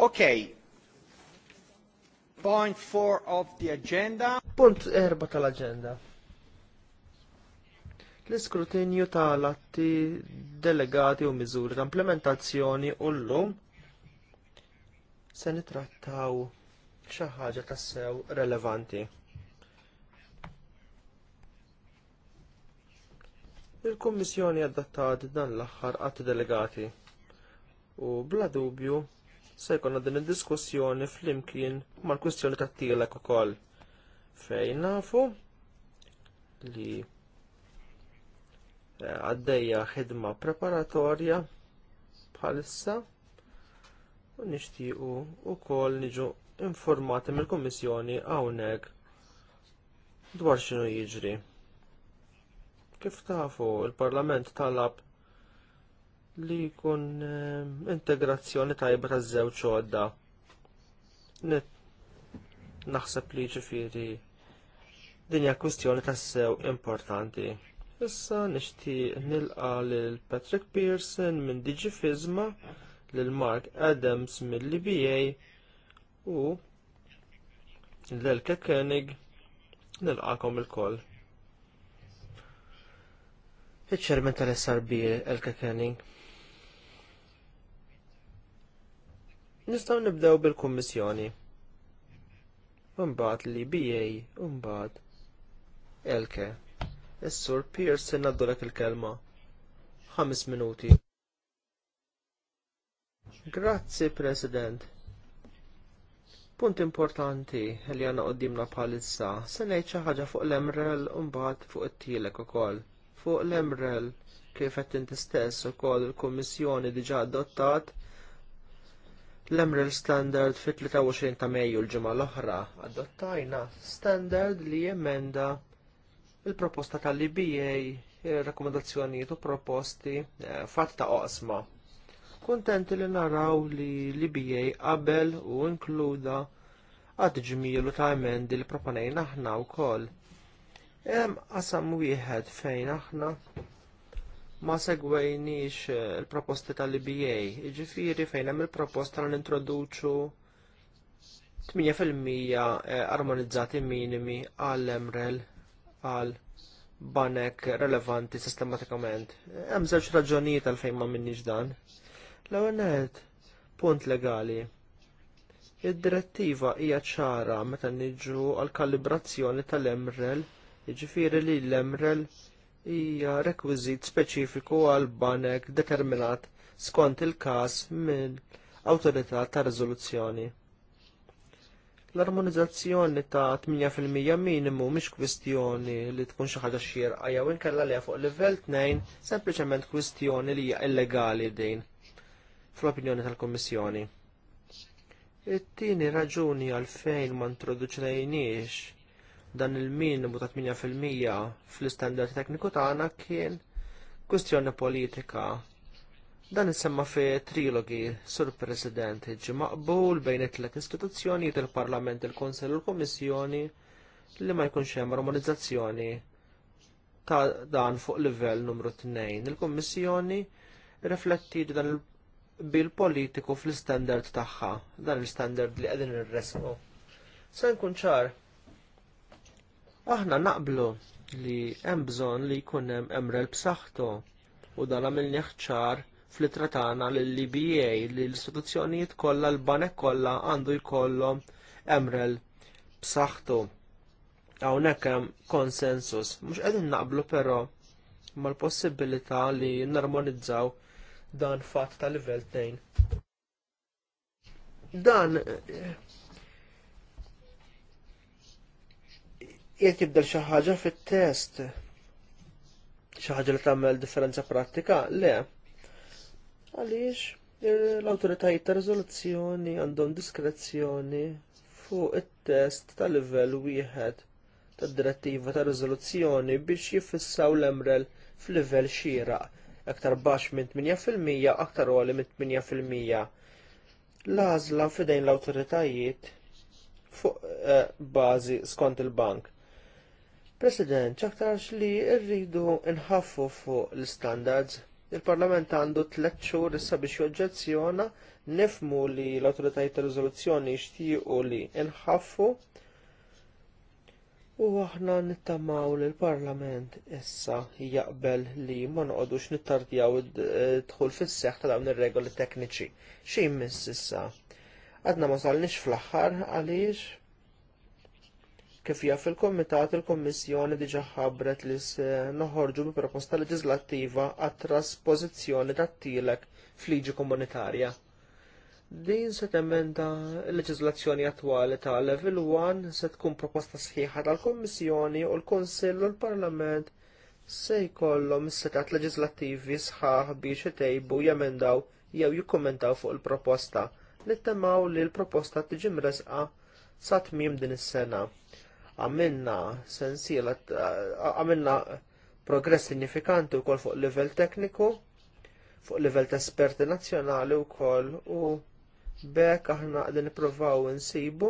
Okay. Point four of the agenda. Punt erba tal-agenda. L-iskrutinju tal-atti delegati u miżuri ta' implementazzjoni u llum se nitrattaw xi ħaġa tassew relevanti. Il-Kummissjoni adattat dan l-aħħar qatt delegati u bla dubju se jkollna din id-diskussjoni flimkien mal-kwistjoni tat-tielek ukoll fejn nafu li eh, għaddejja ħidma preparatorja bħalissa u nixtiequ wkoll niġu informati mill-Kummissjoni hawnhekk dwar x'inhu jiġri. Kif tafu l parlament talab li jkun eh, integrazzjoni tajba taż żewġ għodda. Naħseb li ġifiri din hija kwistjoni sew importanti. Issa nixtieq nilqa lil Patrick Pearson minn Digifizma lil Mark Adams minn lba u l-Elke Koenig nilqakom il-koll. Iċ-ċermen tal-SRB Elke Koenig. Nistgħu nibdew bil-Kummissjoni. Imbagħad li BA, imbagħad Elke. Is-Sur Pierce ngħaddu il-kelma. Ħames minuti. Grazzi, President. Punt importanti li għanna għoddimna bħalissa, se ngħid xi ħaġa fuq l-emrel umbat fuq it-tielek ukoll. Fuq l-emrel kif qed inti stess ukoll il-Kummissjoni diġà adottat L-Emerald Standard fit-23 ta' Mejju l-ġimgħa l-oħra adottajna standard li jemenda il-proposta tal-IBA il-rakkomandazzjonijiet u proposti eh, fatt ta' oqsma. Kuntenti li naraw li l-IBA qabel u inkluda għad ġmielu ta' emendi li proponejna aħna wkoll. Hemm qasam wieħed fejn aħna ma segwejniex eh, il-proposti tal-IBA, ġifiri fejn hemm il-proposta li nintroduċu 8% eh, armonizzati minimi għall-emrel għal banek relevanti sistematikament. Hemm żewġ raġunijiet għal fejn ma minniex dan. L-ewwel punt legali. Id-direttiva hija ċara meta niġu għal kalibrazzjoni tal mrel jiġifieri li l-emrel hija rekwiżit speċifiku għal banek determinat skont il-każ mill-Awtorità ta' Riżoluzzjoni. L-armonizzazzjoni ta' 8% minimu mhix kwistjoni li tkun xi ħaġa xierqa jew inkella leha fuq livell tnejn sempliċement kwistjoni li hija illegali din fl-opinjoni tal-Kommissjoni. It-tieni raġuni għalfejn ma introduċnejniex Dan il-minimu ta' 8% fl-istandard tekniku tagħna kien kwistjoni politika. Dan issemma fi trilogi sur President ġi maqbul bejn it-tlet istituzzjoni, il-Parlament, il-Konsell u l-Kummissjoni li ma jkunx hemm armonizzazzjoni ta' dan fuq livell numru 2. Il-Kummissjoni rifletti dan il- bil-politiku fl istandard tagħha, dan l istandard li qegħdin irresmu. Se nkun ċar, Aħna naqblu li hemm bżonn li jkun hemm emrel b'saħħtu u dan għamil ħċar fl-itra tagħna lill-LBA li l-istituzzjonijiet kollha l-banek kollha għandu jkollhom emrel b'saħħtu. Hawnhekk hemm konsensus. Mhux qegħdin naqblu però mal-possibilità li narmonizzaw dan fatt ta' livell tejn. Dan eh, jek jibdel xi ħaġa fit-test. Xi ħaġa li tagħmel differenza prattika? Le. Għaliex l-awtoritajiet ta' riżoluzzjoni għandhom diskrezzjoni fuq it-test ta' livell wieħed tad direttiva ta' riżoluzzjoni biex jiffissaw l-emrel f'livell xieraq aktar baxx minn 8% aktar għoli minn 8%. L-għażla fidejn l-awtoritajiet fuq eh, bażi skont il-bank. President, ċaktarx li rridu nħaffu fuq l istandards Il-Parlament għandu tliet xhur issa biex joġġezzjona nifmu li l-autoritajiet ta' riżoluzzjoni jixtiequ li nħaffu u aħna nittamaw li l-Parlament issa jaqbel li ma noqogħdux nittardjaw id-dħul fis-seħħ ta' dawn ir-regoli tekniċi. Xi jmiss issa? Għadna ma salniex fl-aħħar għaliex Kif jaf il kumitat il-Kommissjoni diġa ħabbret li se noħorġu bi proposta leġislattiva għat traspożizzjoni tat-tielek fliġi komunitarja. Din se temenda l-leġislazzjoni attwali ta' Level 1 se tkun proposta sħiħa tal-Kommissjoni u l-Konsill u l-Parlament se jkollhom is-setat leġislattivi sħaħ biex itejbu jemendaw jew jikkommentaw fuq il-proposta. Nittemaw li l-proposta tiġi mresqa sa tmiem din is-sena għamilna sensil, għamilna progress sinifikanti wkoll fuq livell tekniku, fuq livell ta' esperti nazzjonali wkoll u bekk aħna għadin nippruvaw insibu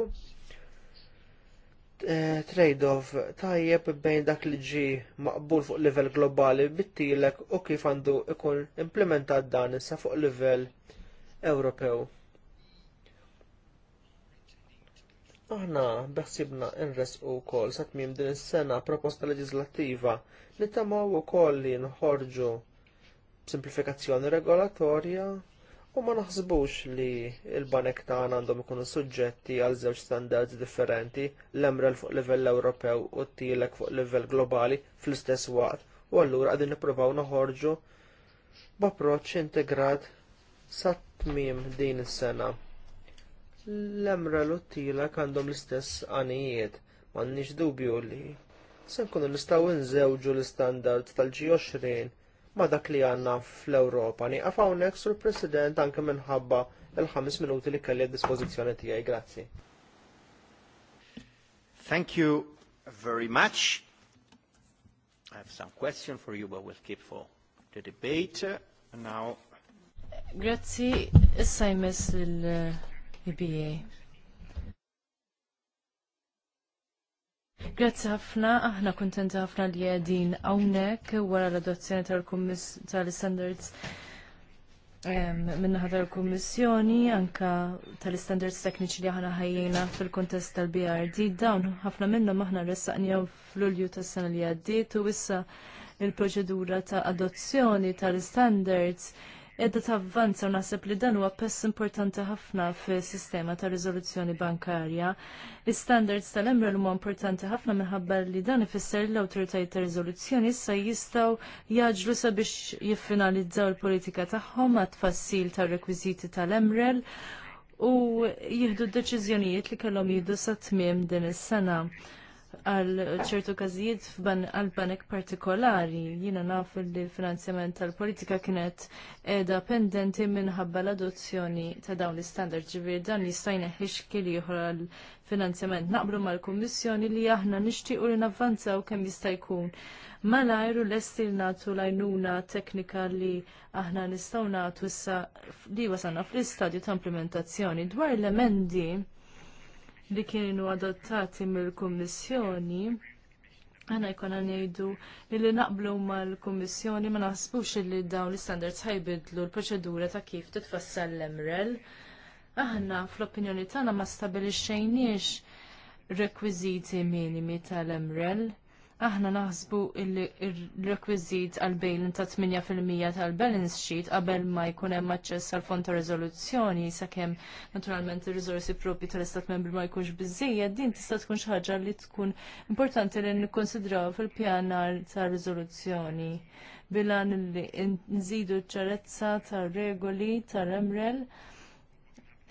eh, trade-off tajjeb bejn dak li ġi maqbul fuq livell globali bittilek u kif għandu ikun implementat dan issa fuq livell Ewropew. Aħna beħsibna nresqu wkoll sa tmiem din is-sena proposta leġislattiva li tamaw ukoll li nħorġu simplifikazzjoni regolatorja u ma naħsbux li l-banek tagħna għandhom ikunu suġġetti għal żewġ standards differenti l-emrel fuq livell Ewropew u t-tielek fuq livell globali fl-istess waqt u allura qegħdin nippruvaw noħorġu b'approċċ integrat sa tmiem din is-sena l-emra l-uttila għandhom l-istess għanijiet, m'għandniex dubju li se nkunu nistgħu nżewġu l istandards tal tal-G20 ma' dak li għandna fl-Ewropa. Nieqaf hawnhekk sur President anke minħabba l-ħames minuti li kelli għad dispożizzjoni tiegħi. Grazzi. Thank you very much. I have some question for you, but we'll keep for the debate now l-BA. Grazzi ħafna, aħna kontenta ħafna li għedin għawnek wara l-adozzjoni tal-standards minna tal kummissjoni anka tal-standards tekniċi li aħna ħajjina fil-kontest tal-BRD, dawn ħafna minnhom aħna ressaqnija fl-ulju tas-sena li għaddiet u issa il-proċedura ta' adozzjoni tal-standards ta' tavvanza u naħseb li dan huwa pess importanti ħafna fis-sistema ta' riżoluzzjoni bankarja. Is-standards tal-emra huma importanti ħafna minħabba li dan ifisser l-awtoritajiet ta' riżoluzzjoni issa jistgħu jaġlu sabiex jiffinalizzaw il-politika tagħhom għat tfassil tar-rekwiżiti tal-emrel u jieħdu d-deċiżjonijiet li kellhom jieħdu sa tmiem din is-sena għal ċertu każijiet għal banek partikolari. Jiena naf li finanzjament tal-politika kienet edha pendenti minħabba l-adozzjoni ta' dawn l-standard ġivir dan jista' stajna li ieħor għal finanzjament naqblu mal-Kummissjoni li aħna nixtiequ li navvanzaw kemm jista' jkun. u l-estil natu lajnuna teknika li aħna nistgħu nagħtu issa li wasalna fl-istadju ta' implementazzjoni dwar l-emendi li kienu adottati mill-Kummissjoni, għana jkun jajdu li naqblu mal-Kummissjoni ma naħsbux li dawn l-standards ħajbidlu l-proċedura ta' kif titfassal l-emrel. Aħna fl-opinjoni tagħna ma stabilixxejniex rekwiżiti minimi tal-emrel aħna naħsbu il-requisit għal bail ta' 8% tal-balance sheet qabel ma jkun hemm aċċess għal fond ta' riżoluzzjoni sakemm naturalment ir rizorsi propri tal-Istat Membri ma jkunx biżejjed din tista' tkun xi ħaġa li tkun importanti li nikkonsidraw fil-pjanar ta' riżoluzzjoni bilan li nżidu ċarezza tar regoli ta' remrel.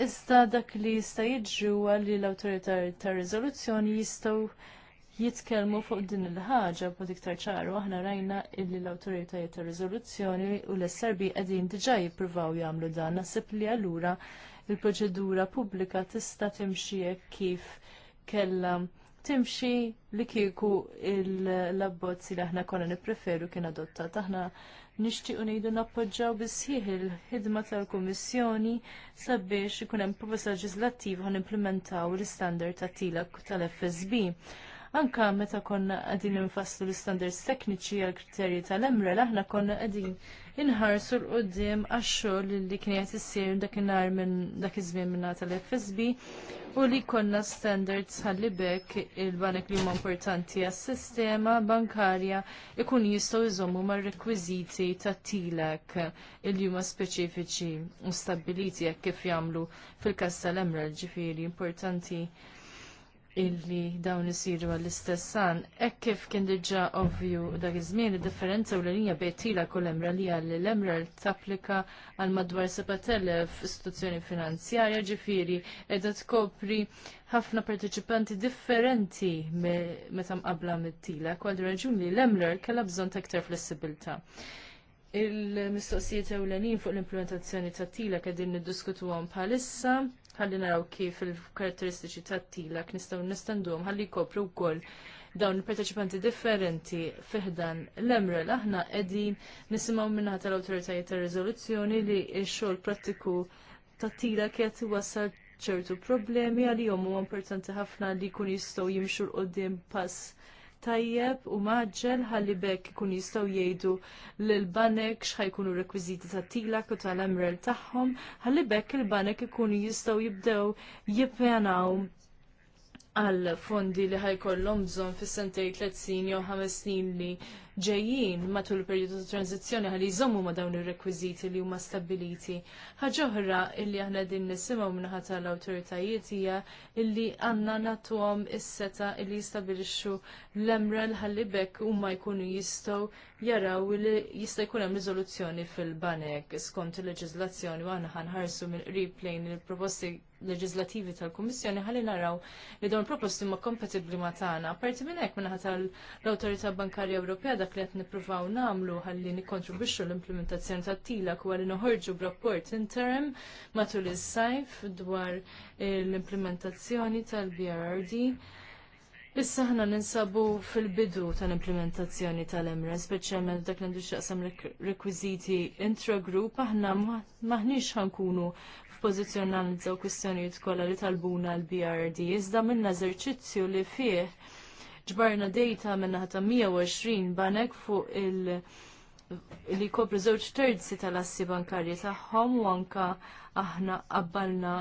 Iżda dak li jista' jiġri li l-awtorità tar-riżoluzzjoni jistgħu jitkellmu fuq din il-ħaġa b'mod iktar ċaru aħna rajna illi l-awtoritajiet ta' riżoluzzjoni u l-SRB qegħdin diġà jippruvaw jagħmlu dan naħseb li allura il-proċedura pubblika tista' timxi kif kellha timxi li kieku l-abbozzi li aħna konna nippreferu kien adottat. Aħna nixtiequ ngħidu nappoġġaw bisħieħ il-ħidma tal-Kummissjoni sabiex ikun hemm proposta leġislattiva ħan implementaw l-istandard tat tilak tal-FSB. Anka meta konna qegħdin infasslu l standards tekniċi għal kriterji tal-emrel, aħna konna qegħdin inħarsu l qoddim għax-xogħol li kien qed issir dakinhar minn dak iż-żmien minn tal-FSB u li konna standards ħalli bekk il-banek li huma importanti għas-sistema bankarja ikun jistgħu jżommu mar-rekwiżiti tat-tilek il huma speċifiċi u stabiliti jekk kif jagħmlu fil każ tal-emrel ġifieri importanti illi dawn isiru għall-istess san, hekk kif kien diġà ovvju dak iż-żmien id-differenza u l-linja bejtila kull emra li għalli l-emra tapplika għal madwar 7000 istituzzjoni finanzjarja ġifieri qiegħda tkopri ħafna partiċipanti differenti meta mqabbla mit-tila, kwal raġun li l-emra kellha bżonn ta' aktar flessibilta. Il-mistoqsijiet ewlenin fuq l-implementazzjoni ta' tila kedin niddiskutu għom bħalissa ħalli naraw kif il-karatteristiċi Tila tilak nistgħu nistandum ħalli jkopru wkoll dawn il-parteċipanti differenti fiħdan l-emrel aħna qegħdin nisimgħu minnaħa tal-awtoritajiet tar-riżoluzzjoni li x-xogħol prattiku ta' Tila kiet iwassal ċertu problemi għalihom huwa importanti ħafna li jkun jistgħu jimxu l pass tajjeb u maġġel ħalli bekk ikun jistgħu jgħidu lil banek x'ħajkunu rekwiżiti tat-tilak u tal-emrel tagħhom, ħalli bekk il-banek ikunu jistgħu jibdew jippjanaw għal fondi li ħajkollhom bżonn fis-sentej tliet snin jew ħames snin li ġejjin matul il-perjodu ta' tranzizzjoni ħalli jżommu ma' dawn ir-rekwiżiti li huma stabiliti. Ħaġa oħra illi aħna din nisimgħu minħata tal awtoritajiet hija illi għandna nagħtuhom is-seta illi jistabilixxu l-emrel ħalli bekk huma jkunu jistgħu jaraw li jista' jkun hemm riżoluzzjoni fil-banek skont il-leġiżlazzjoni u aħna ħanħarsu mill-qrib lejn il-proposti leġislativi tal-Kummissjoni ħalli naraw li dawn proposti ma kompatibbli ma tagħna. Parti minn hekk minħata l-Awtorità Bankarja Ewropea dak li qed nippruvaw nagħmlu ħalli nikkontribwixxu l-implementazzjoni tat tila kwa li noħorġu b'rapport interim matul is-sajf dwar l-implementazzjoni tal-BRRD. Issa ħna ninsabu fil-bidu tal-implementazzjoni tal-emra, speċjalment dak li xaqsam rekwiziti intragroup, aħna maħniex ħankunu f'pożizzjon analizzaw kwistjonijiet kollha li talbuna l-BRD, iżda minn eżerċizzju li fih ġbarna data minna ħata 120 banek fuq il- li kopri żewġ terzi tal-assi bankarji tagħhom u anka aħna qabbalna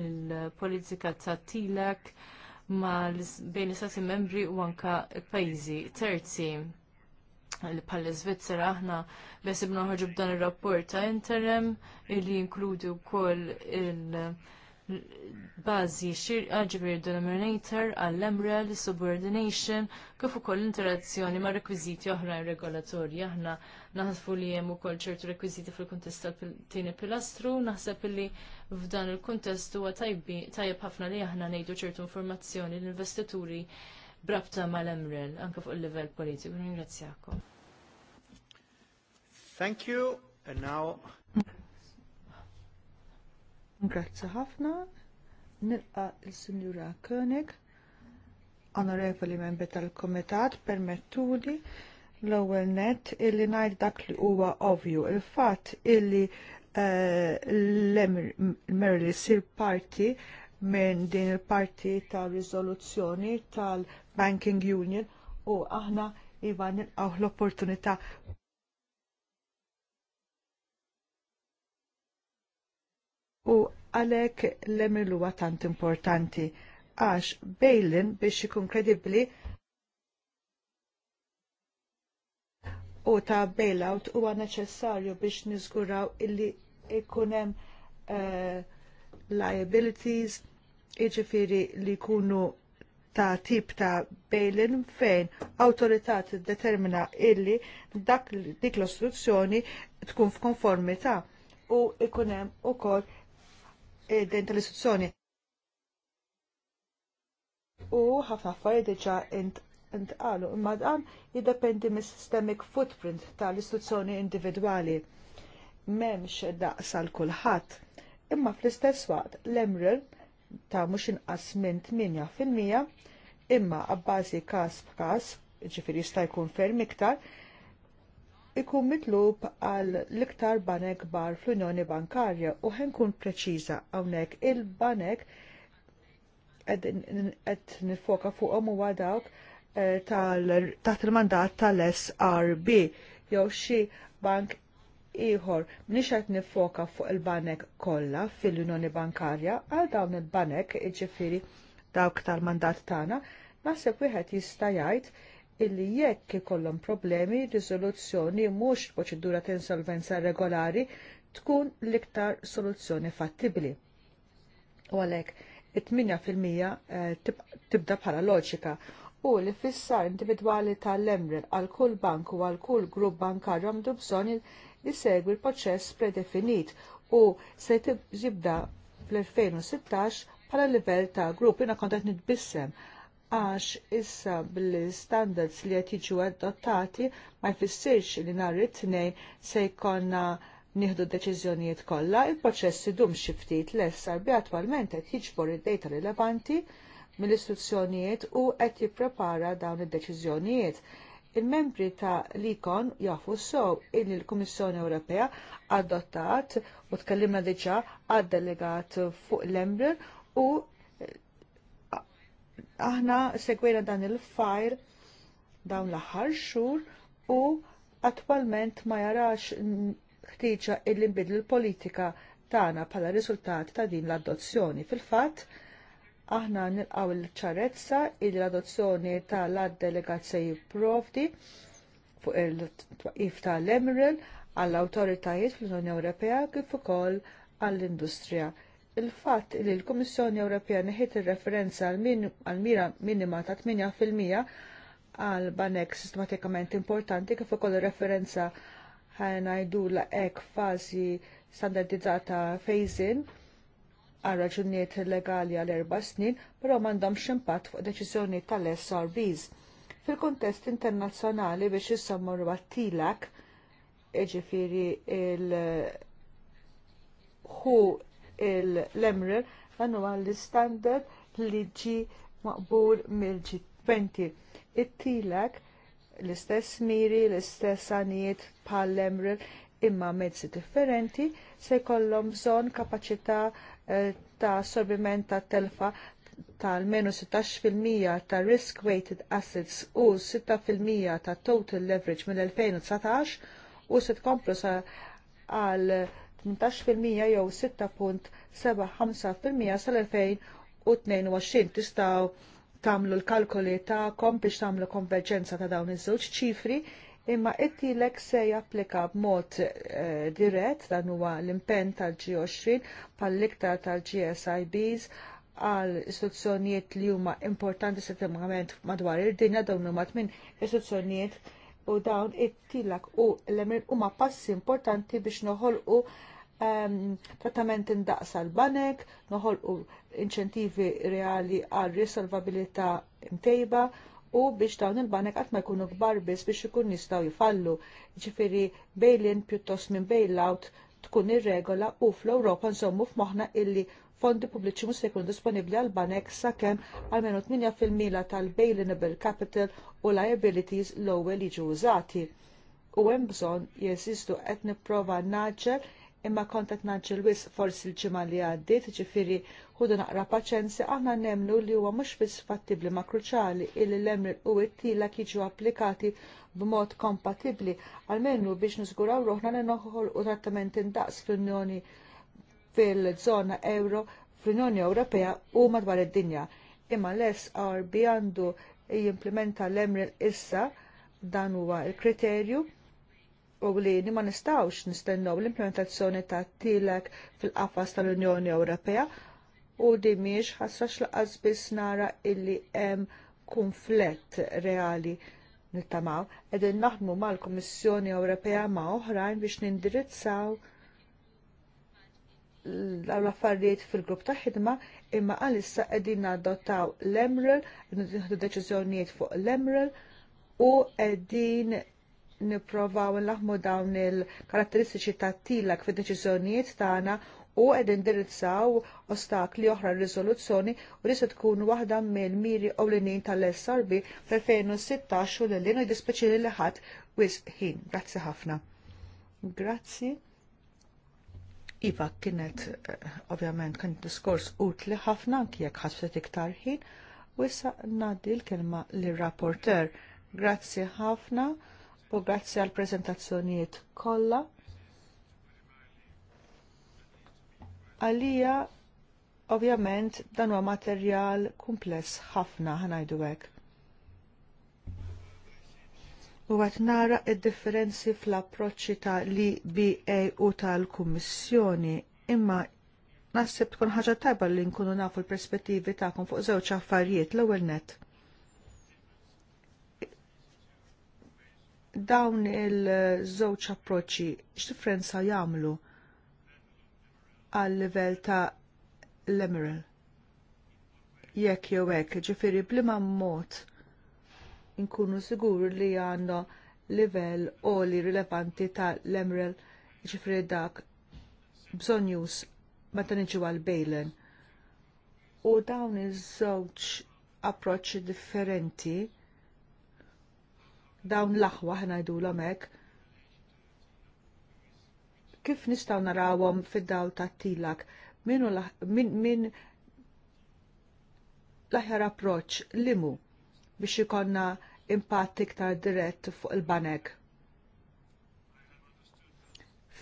il politika ta' tilek ma' bejn istati membri u anka pajjiżi terzi bħal Svizzera aħna besib noħorġu b'dan ir-rapport ta' interim li jinkludi wkoll il- bażi xir ah, ġibir denominator għall-emrel, subordination, kif ukoll interazzjoni ma' rekwiżiti oħrajn regolatorji. Aħna naħsbu li hemm ukoll ċertu rekwiżiti fil-kuntest tal-tieni pilastru, naħseb li f'dan il-kuntest huwa tajjeb ħafna li aħna ngħidu ċertu informazzjoni l-investituri brabta mal-emrel anke fuq il-livell politiku. Ringrazzjakom. Thank you and now Grazzi ħafna. Nilqa il-Sinjura Koenig, onorevoli membri tal-Komitat, permettuli l-ewwel net illi ngħid dak li huwa ovvju. Il-fatt illi eh, l-Merrill sir parti minn din il-parti tal-riżoluzzjoni tal-Banking Union u aħna iva nilqaw l-opportunità u għalek l-emir huwa tant importanti għax bejlin biex ikun kredibli u ta' bailout huwa neċessarju biex niżguraw illi ikunem uh, eh, liabilities iġifiri li kunu ta' tip ta' bail-in fejn awtorità determina illi dak dik l-ostruzzjoni tkun f'konformità u ikun hemm ukoll din tal-istituzzjoni. U ħafna affarijiet diġà intqalu, imma dan jiddependi mis-systemic footprint tal-istituzzjoni individwali. M'hemmx daqsa l kulħadd. Imma fl-istess waqt l-emrel ta' mhux inqas minn 8% imma abbażi każ f'każ, ġifieri jista' jkun ferm iktar, ikun mitlub għal l-iktar banek bar fl-Unjoni Bankarja u ħenkun preċiża hawnhekk il-banek qed nifoka fuqhom huwa dawk eh, taħt il-mandat tal-SRB jew xi bank ieħor mhix qed nifoka fuq il-banek kollha fil-Unjoni Bankarja għal dawn il-banek jiġifieri dawk tal-mandat tagħna naħseb wieħed jista' jgħid illi jekk ikollhom problemi, riżoluzzjoni mhux proċedura ta' insolvenza regolari tkun l-iktar soluzzjoni fattibbli. U għalhekk it-8% eh, tibda bħala loġika u li fissar individwali tal-emrel għal kull bank u għal kull grupp bankarju għamdu bżonn li l-proċess predefinit u se jibda fl-2016 bħala livell ta' grupp jina kontet nitbissem għax issa bl-standards li qed jiġu adottati ma jfissirx li nhar it-tnejn se jkollna nieħdu deċiżjonijiet kollha, il-proċess idum xi ftit less bi attwalment qed jiġbor id-dejta rilevanti mill-istituzzjonijiet u qed jipprepara dawn id-deċiżjonijiet il-membri ta' l jafu sew in il-Kummissjoni Ewropea adottat u tkellimna diġà għad-delegat fuq l-Embrer u aħna segwejna dan il-fajr dawn l-aħħar xhur u attwalment ma jarax ħtieġa illi nbidlu l-politika tagħna bħala riżultat ta' din l-adozzjoni. Fil-fatt, aħna nilqaw il-ċarezza illi l-adozzjoni tal-delegat se jipprovdi fuq il-twaqif tal-Emeril għall-awtoritajiet fl-Unjoni Ewropea kif ukoll għall-industrija il-fatt li l-Kummissjoni Ewropea neħiet ir-referenza għal mira minima ta' 8% għal banek sistematikament importanti kif ukoll referenza ħanajdula hekk fażi standardizzata phase għal raġunijiet legali għal erba' snin, però m'għandhomx impatt fuq deċiżjoni tal-SRBs. Fil-kontest internazzjonali biex jissammur tilak, e ġifiri il- hu l emre għannu huwa l-standard li ġi maqbur mill-G20. It-tilak l-istess miri, l-istess għanijiet pal-emrer imma mezzi differenti se jkollhom bżonn kapaċità eh, ta' assorbiment ta' telfa tal-menu 16% ta' risk-weighted assets u 6% ta' total leverage mill-2019 u se tkomplu sa' għal 18% jew 6.75% sal-2022 tistgħu tagħmlu l-kalkoli tagħkom biex tagħmlu konverġenza ta' dawn iż-żewġ ċifri imma it-tilek se japplika b'mod dirett dan huwa l-impenn tal-G20 pal-iktar tal-GSIBs għal istituzzjonijiet li huma importanti settimament madwar id-dinja dawn huma minn istituzzjonijiet u dawn it-tilak u l-emir huma passi importanti biex noħolqu trattament indaqsa l-banek, noħolqu inċentivi reali għal risolvabilità imtejba u biex dawn il-banek għatma jkunu kbar biss biex ikun jistgħu jifallu. Ġifiri bail-in pjuttost minn bail-out tkun ir-regola u fl-Ewropa nżommu f'moħħna illi fondi pubbliċi mus se jkunu disponibbli għal banek sakemm għal-menu 8% tal-bail-inable capital u liabilities l-ewwel jiġu użati. U hemm bżonn jeżistu qed nipprova naġġel imma kontet qed naġġel wis forsi l-ġimgħa li għaddiet, ġifiri, hudu naqra paċenzi aħna nemlu li huwa mhux bis fattibbli ma' kruċali illi l-emri u t-tila jiġu applikati b'mod kompatibbli għalmenu biex niżguraw roħna li u trattamenti indaqs fl-Unjoni fil-żona Ewro fl-Unjoni Ewropea u madwar id-dinja. Imma l-SRB għandu jimplementa l-emri issa dan huwa l kriterju u li ma nistawx nistennew l-implementazzjoni ta' tilek fil-qafas tal-Unjoni Ewropea u di miex ħassax laqas biss nara illi hemm kunflett reali nittamaw edin naħdmu mal-Kommissjoni Ewropea ma' oħrajn biex nindirizzaw l-affarijiet fil-grupp ta' ħidma imma għalissa qegħdin nadottaw l-emrel, deċiżjonijiet fuq l-emrel u qegħdin nipprovaw nlaħmu dawn il-karatteristiċi ta' tilak fid deċiżjonijiet tagħna u qed indirizzaw ostakli oħra r-riżoluzzjoni u li se tkun waħda mill-miri ewlenin tal-SRB fl-2016 u l u jdispiċili li ħadd wis ħin. Grazzi ħafna. Grazzi. Iva kienet eh, ovvjament kien diskors utli ħafna anke jekk ħasset iktar ħin u issa ngħaddi l-kelma lir rapporter Grazzi ħafna u grazzi għal prezentazzjonijiet kollha. Għalija ovvjament dan huwa materjal kumpless ħafna ħanajdu hekk. U għat nara id-differenzi fl-approċċi ta' li BA u tal-Kummissjoni imma naħseb tkun ħaġa tajba li nkunu nafu l-perspettivi tagħkom fuq żewġ affarijiet l-ewwel net. dawn il-żewġ approċċi x'differenza jagħmlu għal livell ta' l-emeril. Jekk jew hekk, ġifieri bliema mod inkunu siguri li għandna livell oli rilevanti ta' l-emeril ġifieri dak bżonjus meta niġu għal bejlen. U dawn iż-żewġ approċċi differenti dawn l-aħwa ħnajdu l-omek, kif nistaw narawom fid-dawl ta' tilak, minu min, l-aħjar approċ limu biex ikonna impatt iktar dirett fuq il-banek.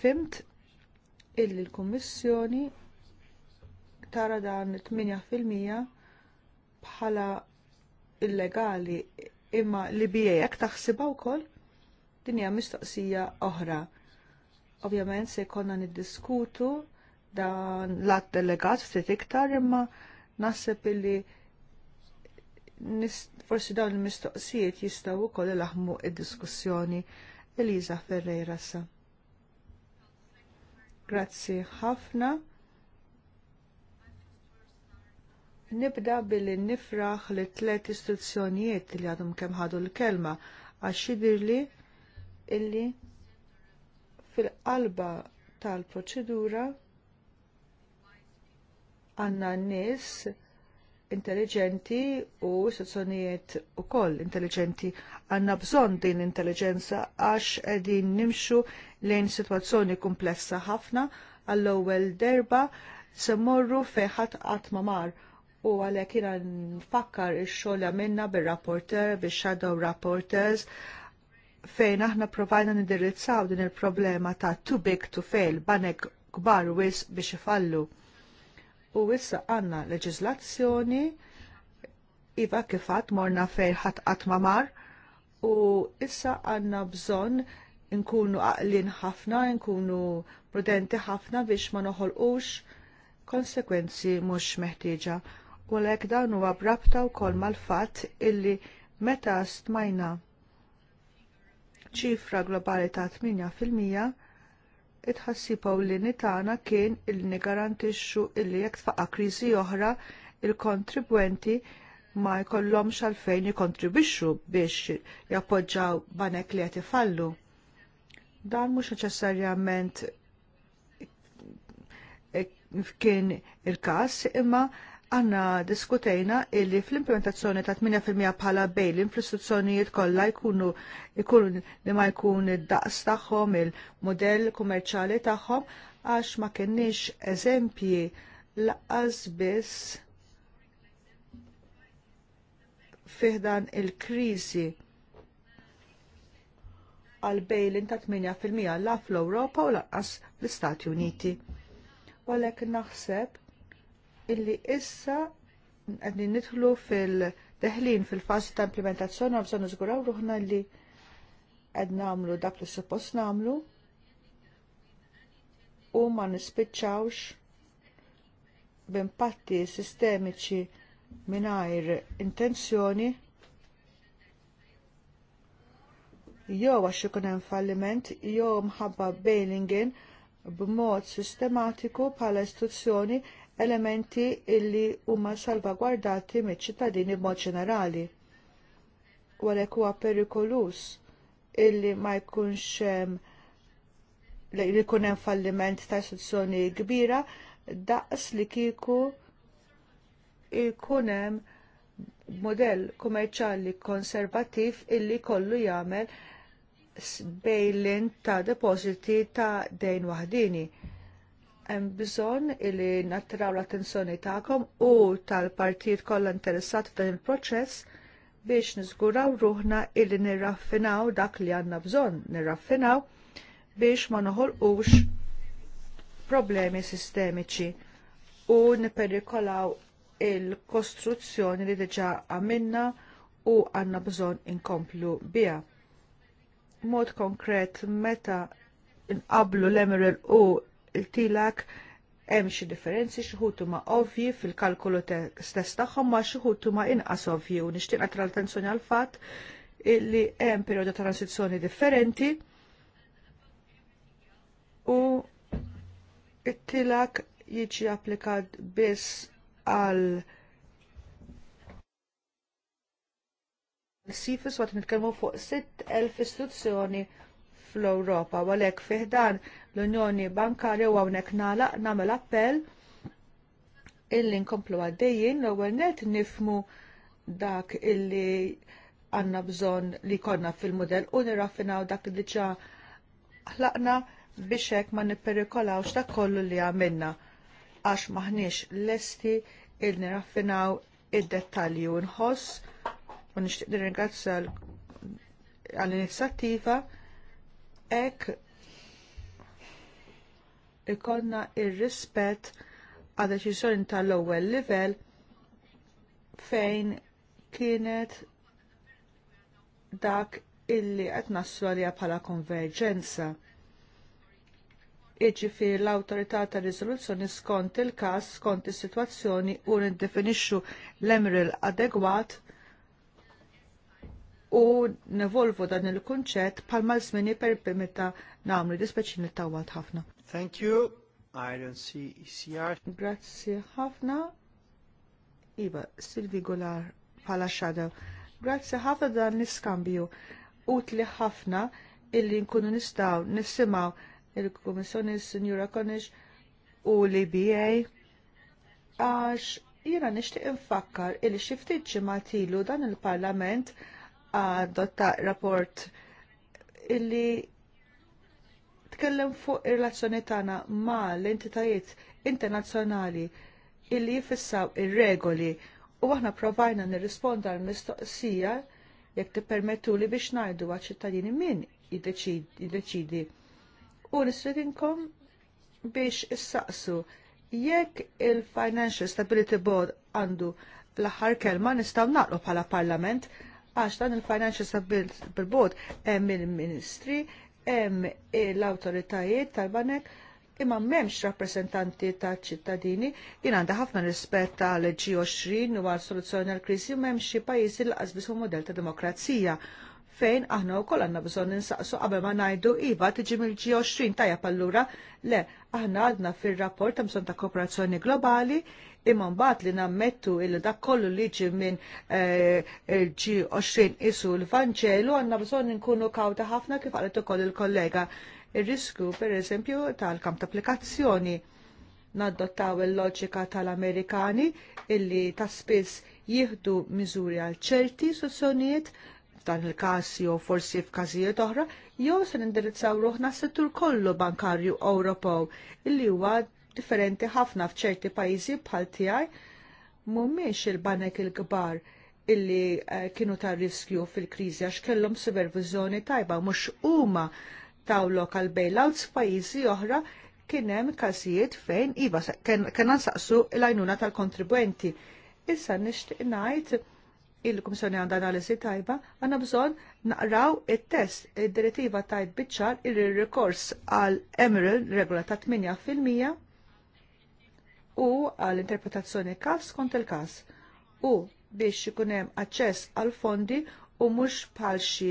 Fimt illi l-Kummissjoni tara dan 8% bħala illegali imma li bija jek taħsiba wkoll din hija mistoqsija oħra. Ovvjament se jkollna niddiskutu dan l-att delegat ftit iktar imma naħseb illi forsi dawn il-mistoqsijiet jistgħu wkoll ilaħmu id-diskussjoni Eliza Ferreira sa. Grazzi ħafna Nibda billi nifraħ li tliet istituzzjonijiet li għadhom kemm ħadu l-kelma għax jidhirli illi fil-qalba tal-proċedura għandna nies intelligenti u istituzzjonijiet ukoll intelligenti għandna bżonn din intelligenza għax qegħdin nimxu lejn sitwazzjoni komplessa ħafna għall-ewwel derba se mmorru fejn ħadd qatt ma mar u għalhekk jiena nfakkar ix-xogħol għamilna bil rapporter bix-shadow rapporters fejn aħna provajna nindirizzaw din il-problema ta' too big to fail banek kbar wis biex ifallu. U issa għanna leġizlazzjoni, iva kifat morna fejn ħat għatmamar u issa għanna bżon nkunu għaqlin ħafna, nkunu prudenti ħafna biex ma noħolqux konsekwenzi mhux meħtieġa u għalhekk dan huwa brabta wkoll mal-fatt illi meta stmajna ċifra globali ta' 8% itħassipaw li nitana kien illi nigarantixxu illi jekk tfaqa' kriżi oħra il-kontribwenti ma jkollhomx għalfejn jikontribixxu biex jappoġġaw banek li qed ifallu. Dan mhux neċessarjament kien il-każ imma għanna diskutejna illi fl-implementazzjoni ta' 8% bħala bej l-infrastruzzjonijiet kollha jkunu jkun li ma jkun id-daqs tagħhom il-modell kummerċjali tagħhom għax ma kienniex eżempji laqqas biss fiħdan il-kriżi għal bejlin ta' 8% la fl-Ewropa u laqqas l-Istati Uniti. Walek naħseb illi issa għadni nitlu fil-deħlin fil-fażi ta' implementazzjoni għabżan bżonn ruħna li qed nagħmlu dak li suppost nagħmlu u ma nispiċċawx b'impatti sistemiċi mingħajr intenzjoni jew għax ikun hemm falliment jew mħabba bailing in b'mod sistematiku bħala istituzzjoni elementi illi huma salvagwardati miċ-ċittadini b'mod ġenerali. U għalhekk huwa perikolus illi ma jkunx li jkun hemm falliment ta' istituzzjoni kbira daqs li kieku jkun hemm modell kummerċjali konservattiv illi kollu jagħmel bejlin ta' depositi ta' dejn waħdini hemm bżonn li nattiraw l-attenzjoni tagħkom u tal-partijiet kollha interessat f'dan il-proċess biex niżguraw ruħna illi nirraffinaw dak li għandna bżonn nirraffinaw biex ma noħolqux problemi sistemiċi u niperikolaw il-kostruzzjoni li diġa għamilna u għanna bżonn inkomplu biha. Mod konkret meta inqablu l-Emeril u tilak hemm xi differenzi xi ħutu ma' ovvji fil-kalkolu stess tagħhom ma' xi ħutu ma' inqas ovvji u nixtieq nagħtra l-attenzjoni għal fatt li hemm perjodu ta' transizzjoni differenti u it-tilak jiġi applikat biss għal sifis wat nitkellmu fuq 6,000 istituzzjoni fl-Ewropa, għalhekk fih dan l-Unjoni Bankarja u hawnhekk nagħlaq namel appell illi nkomplu għaddejjin l-ewwel net nifmu dak illi għandna bżonn li konna fil model u nirraffinaw dak li diġà ħlaqna biex hekk ma nipperikolawx dak kollu li għamilna għax maħniex lesti il nirraffinaw id-dettalji u nħoss u nixtieq nirringrazzja għall-inizjattiva hekk ikonna r rispett għad deċiżjoni tal-ewwel livell fejn kienet dak illi qed naslu għalija bħala konverġenza. Iġifier l-awtorità ta' riżoluzzjoni skont il-każ skont is-sitwazzjoni u niddefinixxu l-emril adegwat u nevolvu dan il-kunċett palma l-żmini per permetta namlu dispeċini tawat ħafna. Thank you. I don't see ECR. Grazie ħafna. Iva, Silvi Golar, pala Shadow. Grazie ħafna dan niskambju. Utli ħafna illi nkunu nistaw nisimaw il-Komissjoni Sinjura Konix u l-IBA għax jena nishtiq infakkar illi xiftit ġimatilu dan il-Parlament għadotta rapport illi tkellem fuq ir-relazzjoni tagħna ma' l-entitajiet internazzjonali illi jfissaw ir-regoli u aħna provajna nirrisponda l mistoqsija jekk tippermettu li biex ngħidu għaċ-ċittadini min jiddeċidi. U nistridinkom biex issaqsu jekk il-Financial Stability Board għandu l-aħħar kelma nistgħu naqlu bħala parlament għax dan il-Financial Stability Board hemm il-Ministri hemm l-awtoritajiet tal-banek imma m'hemmx rappreżentanti taċ ċittadini, jien għandha ħafna rispett għal G20 u għal soluzzjoni għal kriżi m'hemmx xi pajjiżi li qasbis hu modell ta' demokrazija fejn aħna wkoll għandna bżonn ninsaqsu qabel ma ngħidu iva tiġi mill-G20 tajja allura le aħna għadna fir-rapport ta' bżonn ta' kooperazzjoni globali imma mbagħad li nammettu il dak kollu li ġi minn eh, G20 isu l-Vanċelu għandna bżonn inkunu kawta ħafna kif qalet ukoll il-kollega. Ir-risku pereżempju tal-kamp ta' applikazzjoni naddottaw il-loġika tal-Amerikani illi ta' spiss jieħdu miżuri għal ċerti sozzjonijiet f'dan il-każ jew forsi f'każijiet oħra, jew se nindirizzaw ruħna s-settur kollu bankarju Ewropew illi huwa differenti ħafna f'ċerti pajjiżi bħal tiegħi mhumiex il-banek il-kbar illi eh, kienu ta' riskju fil-kriżi għax kellhom supervizjoni tajba mhux huma ta' lokal bailouts f'pajjiżi oħra kien hemm każijiet fejn iva kellna saqsu l-għajnuna tal-kontribwenti. Issa nixtieq ngħid il-Kummissjoni għandha analiżi tajba, għandna bżonn naqraw it-test id-direttiva tajt biċċar il-rekors għal Emerald regola ta' 8 u għall interpretazzjoni każ kont il-każ u biex ikun hemm aċċess għal fondi u mhux bħal xi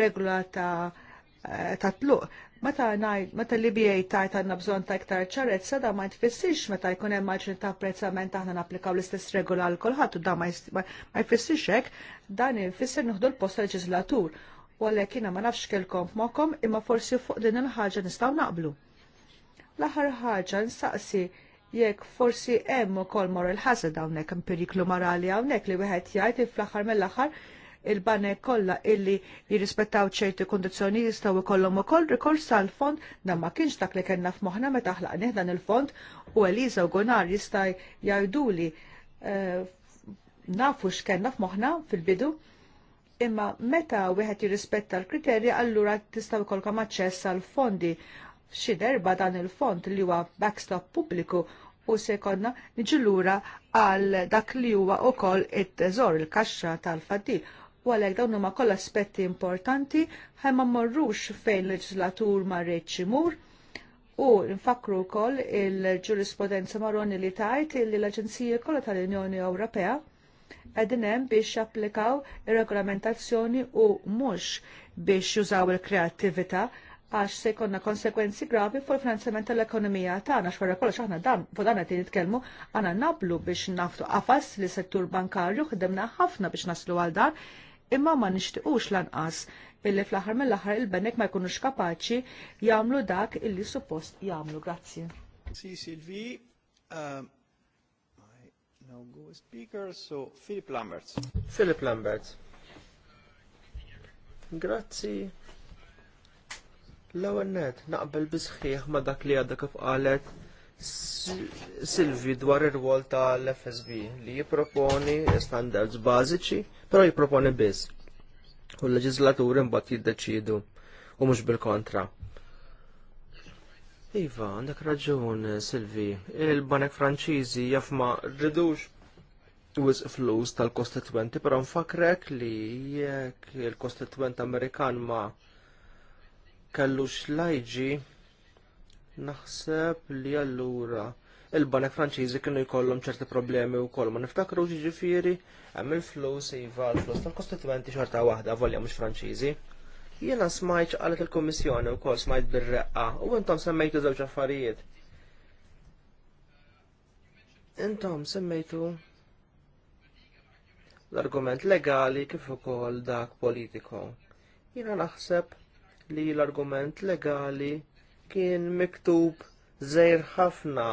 regola ta' eh, ta' tluq. Meta ngħid meta li iba tajt għandna bżonn ta' iktar ċarezza da ma jfissirx meta jkun hemm maġni ta' apprezzament aħna napplikaw l-istess regola għal kulħadd u da ma jfissirx hekk dan jfisser nieħdu l-post leġislatur. U għalhekk jiena ma nafx kelkom f'mokom imma forsi fuq din il-ħaġa nistgħu naqblu. L-aħħar ħaġa nistaqsi jekk forsi hemm ukoll moral hazard hawnhekk hemm periklu morali hawnhekk li wieħed jgħid fl-aħħar mill-aħħar il-banek kollha illi jirrispettaw ċerti kondizzjoni jistgħu jkollhom ukoll rikors tal fond dan ma kienx dak li kellna f'moħħna meta ħlaqnieh dan il-fond u Eliza u Gonar jista' jgħiduli eh, nafu x'kellna f'moħħna fil-bidu imma meta wieħed jirrispetta l-kriterji allura tistgħu jkollkom aċċess għal fondi xi derba dan il-font li huwa backstop pubbliku u se jkollna niġu lura għal dak li huwa wkoll it-teżor il-kaxxa tal-fadil. U għalhekk dawn huma kollha aspetti importanti ħaj ma mmorrux fejn leġislatur ma rridx imur. U nfakru wkoll il-ġurisprudenza marroni li tajt li l-Aġenzija kollha tal-Unjoni Ewropea għedin hemm biex japplikaw ir-regolamentazzjoni u mhux biex jużaw il-kreattività għax se jkollna konsekwenzi gravi fuq il-finanzjament tal-ekonomija tagħna xwara kollox aħna dan fuq qed nitkellmu għandna nablu biex naftu qafas li settur bankarju ħdemna ħafna biex naslu għal dan imma ma nixtiequx lanqas illi fl-aħħar mill-aħħar il-benek ma jkunux kapaċi jagħmlu dak illi suppost jagħmlu. Grazzi. Si Silvi, um, now go speaker, so Philip Lamberts. Philip Lamberts. Grazzi. L-ewwel net naqbel bisħieħ ma' dak li għadha kif qalet Silvi dwar ir-rwol tal-FSB li jipproponi standards bażiċi, però jipproponi biss. U l-leġislatur imbagħad jiddeċidu u mhux bil-kontra. Iva, għandek raġun, Silvi. Il-banek Franċiżi jaf ma rridux wisq flus tal-kostituenti, però nfakrek li jekk il-kostituent Amerikan ma' kellux lajġi naħseb li allura il-banek franċiżi kienu jkollhom ċerti problemi wkoll ma niftakru ġifiri hemm il-flus iva l-flus tal-kostituenti xorta waħda volja mhux Franċiżi. Jiena smajt qalet il-Kummissjoni wkoll smajt bir-reqqa u intom semmejtu żewġ affarijiet. Intom semmejtu l-argument legali kif ukoll dak politiku. Jiena naħseb li l-argument legali kien miktub żejr ħafna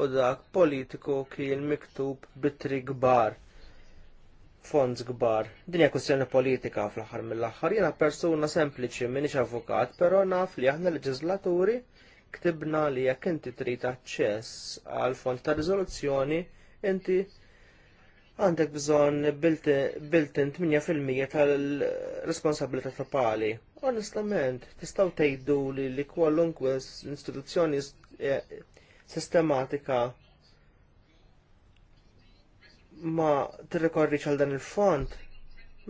u dak politiku kien miktub bitri kbar. Fonds kbar. Din hija politika fl-aħħar mill-aħħar. Jiena persuna sempliċi minix avukat, però naf li aħna leġislaturi ktibna li jekk inti trid aċċess għal fond ta' riżoluzzjoni inti għandek bżon built-in 8% tal-responsabilità Pali. Onestament, tistaw tejdu li li kwalunkwe istituzzjoni e, sistematika ma t għal dan il-fond,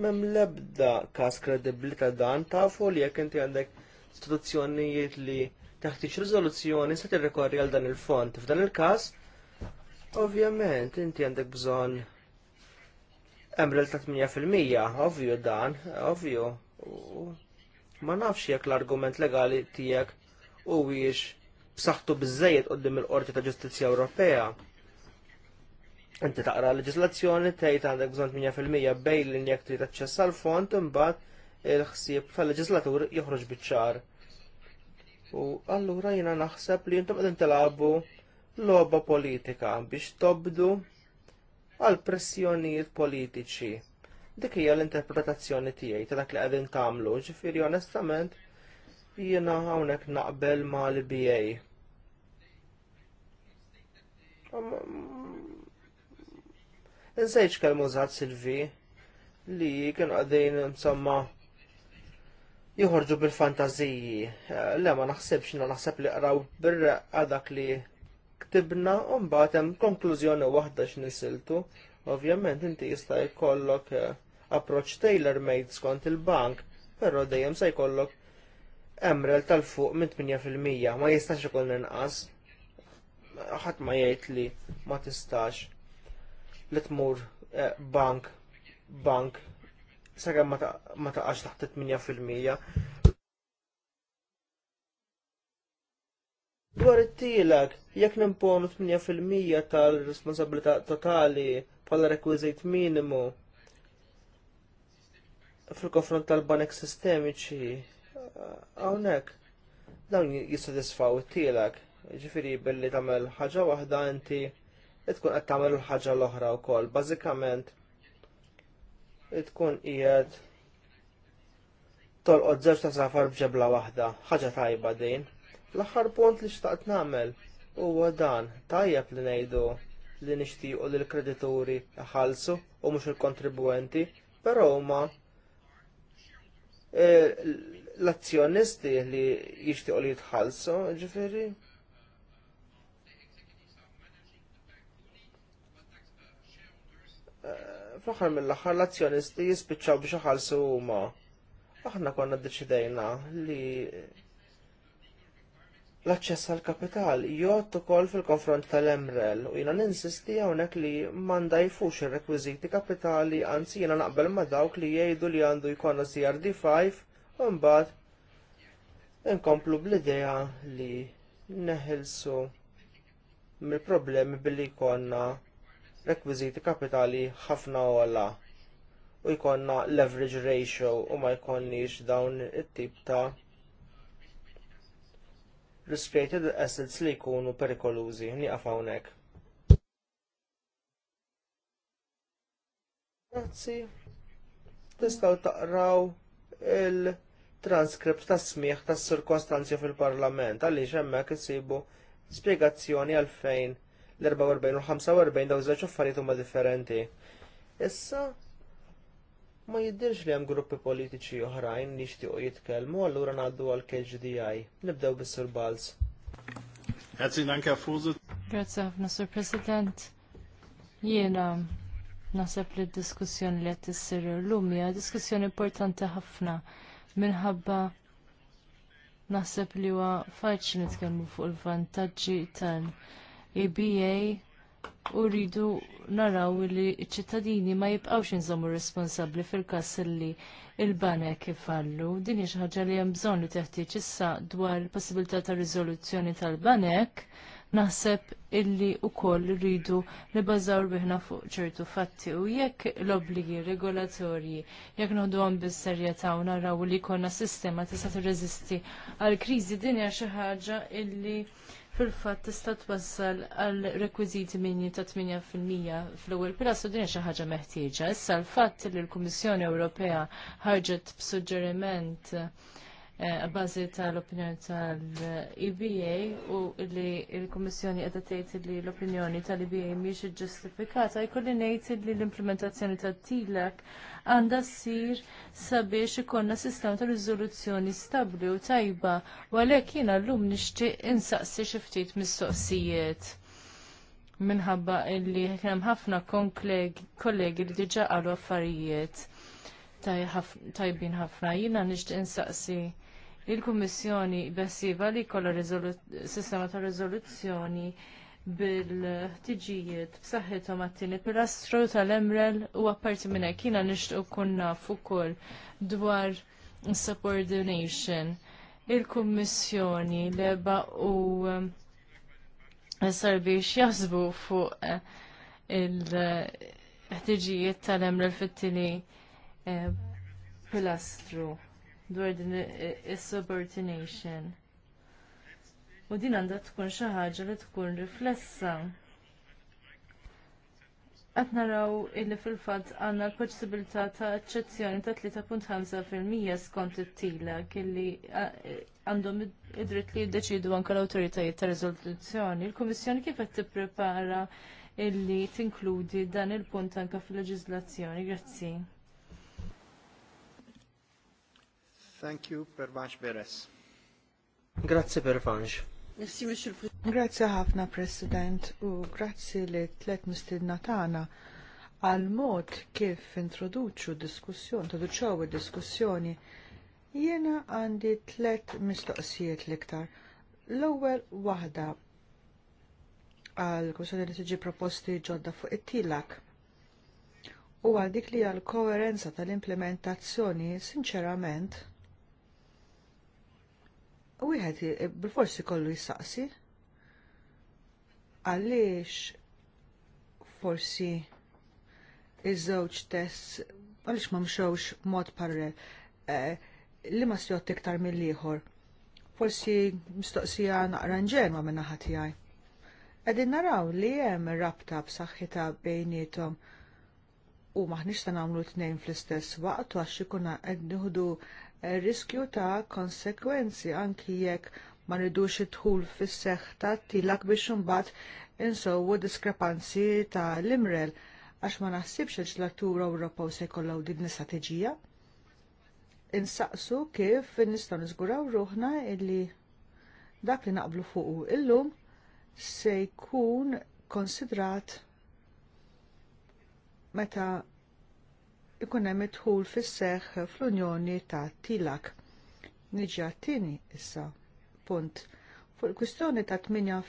mem lebda kas kredibli ta' dan tafu li jekk inti għandek istituzzjonijiet li taħtiċ rizoluzzjoni se t għal dan il-fond. F'dan il-każ, ovvjament, inti għandek bżonn Emrel l 8% ovvju dan, ovvju. Ma nafx jekk l-argument legali tiegħek u wiex b'saħħtu biżejjed qoddim il-Qorti ta' Ġustizzja Ewropea. Inti taqra l-leġislazzjoni tgħid għandek bżonn 8% bejlin jekk trid aċċessa l fond imbagħad il-ħsieb tal-leġislatur joħroġ biċ-ċar. U allura jiena naħseb li intom qegħdin tilagħbu logħba politika biex tobdu għal pressjonijiet politiċi. Dik hija l-interpretazzjoni tiegħi ta' dak li qegħdin tagħmlu, ġifieri onestament jiena hawnhekk naqbel ma' l-BA. Nsejċ kelmu zaħt Silvi li kienu għadin insomma joħorġu bil fantażiji eh, Le ma naħsebx, na naħseb li qraw bir dak li ktibna u mbagħad hemm konklużjoni waħda x'nisiltu. Ovvjament inti jista' jkollok eh, approċċ tailor made skont il-bank, però dejjem se jkollok emrel tal-fuq minn 8% ma jistax ikun inqas. Ħadd ma jgħid li ma tistax li tmur eh, bank bank sakemm ma taqax taħt 8%. Dwar it tielek jekk nimponu 8% tal-responsabilità totali bħala rekwiżit minimu fil-konfront tal-banek sistemiċi, hawnhekk dawn jissodisfaw it tielek ġifiri billi tagħmel ħaġa waħda inti tkun qed tagħmel ħaġa l-oħra wkoll. Bażikament tkun qiegħed tolqod żewġ ta' safar b'ġebla waħda, ħaġa tajba din. L-aħħar punt li xtaqt nagħmel huwa dan tajjeb li ngħidu li nixtiequ li l-kredituri ħalsu u mhux il-kontribwenti, però huma eh, l-azzjonisti li jixtiequ li jitħallsu, ġifieri. Eh, fl-aħħar mill-aħħar l-azzjonisti jispiċċaw biex iħallsu huma. Aħna konna ddeċidejna li L-aċċess għal kapital jgħod ukoll fil-konfront tal mrel u jiena ninsisti hawnhekk li m'għandha jfux ir-rekwiżiti kapitali anzi jiena naqbel ma' dawk li jgħidu li għandu jkollna CRD5 u mbagħad inkomplu bl-idea li neħilsu mill-problemi billi jkollna rekwiżiti kapitali ħafna għola u jkollna leverage ratio u ma jkollniex dawn it-tip ta' riskjated assets li jkunu perikolużi nieqaf hawnhekk. Grazzi. Tistgħu taqraw il-transkript ta' smieħ tas sirkostanzja fil-Parlament għaliex hemmhekk isibu spjegazzjoni għalfejn l-44 u l-45 daw żewġ affarijiet huma differenti. Issa Ma jiddirx li hemm gruppi politiċi oħrajn li jixtiequ jitkellmu, allura ngħaddu għal KHDI. Nibdew bis-Sur Balz. Grazzi anke ħafna Sur President. Jiena naħseb li d-diskussjoni li qed issir llum hija diskussjoni importanti ħafna minħabba naħseb li huwa faċli nitkellmu fuq il-vantaġġi tal-EBA u rridu naraw li ċ-ċittadini ma jibqawx inżommu responsabbli fil-kas li il-banek ifallu. Din hija ħaġa li hemm bżonn li teħtieġ issa dwar il-possibilità ta' riżoluzzjoni tal-banek naħseb illi wkoll rridu li bazzaw biħna fuq ċertu fatti u jekk l-obbligi regolatorji jekk għom bis-serjetà u naraw li jkollna sistema tista' tirreżisti għall kriżi din hija xi ħaġa illi fil-fatt tista' twassal għal rekwiżiti minni ta' 8% fl-ewwel pilastru din xi ħaġa meħtieġa. Issa l-fatt li l-Kummissjoni Ewropea ħarġet b'suġġeriment Eh, bazi tal-opinjoni tal-EBA u li il-Kommissjoni qiegħda tgħid li l-opinjoni tal-EBA mhix iġġustifikata, jkolli ngħid li l-implementazzjoni tat-tilek għandha ssir sabiex ikollna sistema ta' riżoluzzjoni stabbli u tajba u għalhekk jiena llum nixtieq insaqsi xi ftit mistoqsijiet minħabba illi hemm ħafna kollegi li diġà qalu affarijiet tajbin ħafna. Jiena nixtieq insaqsi il-Kummissjoni bessiva li kolla sistema ta' rezoluzzjoni bil-ħtiġijiet b'saħħithom għattini pilastru tal-emrel u apparti minn hekk jiena nixtieq kun naf ukoll dwar subordination. Il-Kummissjoni leba u eh, sarbiex jaħsbu fuq eh, il-ħtiġijiet tal-emrel fit-tieni eh, pilastru dwar din is-subordination. U din għandha tkun xi ħaġa li tkun riflessa. Qed naraw illi fil-fatt għandna l-possibilità ta' eċċezzjoni ta' 3.5% skont it-tila kelli e, għandhom id-dritt li jiddeċidu anke l-awtoritajiet ta' riżoluzzjoni. Il-Kummissjoni kif qed tipprepara illi tinkludi dan il-punt anke fil-leġiżlazzjoni. Grazzi. Thank you, Pervanj Beres. Grazie, Pervanj. Merci, Monsieur le Grazie ħafna, President, u grazie li tlet mistidna tagħna għal mod kif introduċu diskussjoni, introduċaw id-diskussjoni. Jiena għandi tlet mistoqsijiet l-iktar. L-ewwel waħda għal kwestjoni li tiġi proposti ġodda fuq it-tilak u għal dik li għal koerenza tal-implementazzjoni, sinċerament, wieħed bil-forsi kollu jissaqsi għaliex forsi iż-żewġ tess għaliex ma mxewx mod parrel eh, li ma sjott iktar mill-ieħor. Forsi mistoqsija naqra minna ħati għaj. Qegħdin naraw li hemm rabta b'saħħitha bejnietom u maħniex se nagħmlu nejn fl-istess waqt għax ikun qed nieħdu riskju ta' konsekwenzi anki jekk ma nridux idħul fis-seħħ tilak biex imbagħad insowu diskrepanzi ta' l-imrel għax ma naħsibx il-ġlatura Ewropew se jkollhom din l-istrateġija. Insaqsu kif nistgħu niżguraw ruħna illi dak li naqblu fuqu illum se jkun konsidrat meta ikun hemm idħul fis-seħħ fl-Unjoni ta' Tilak. Niġi għattini issa punt. Fuq il-kwistjoni ta' 8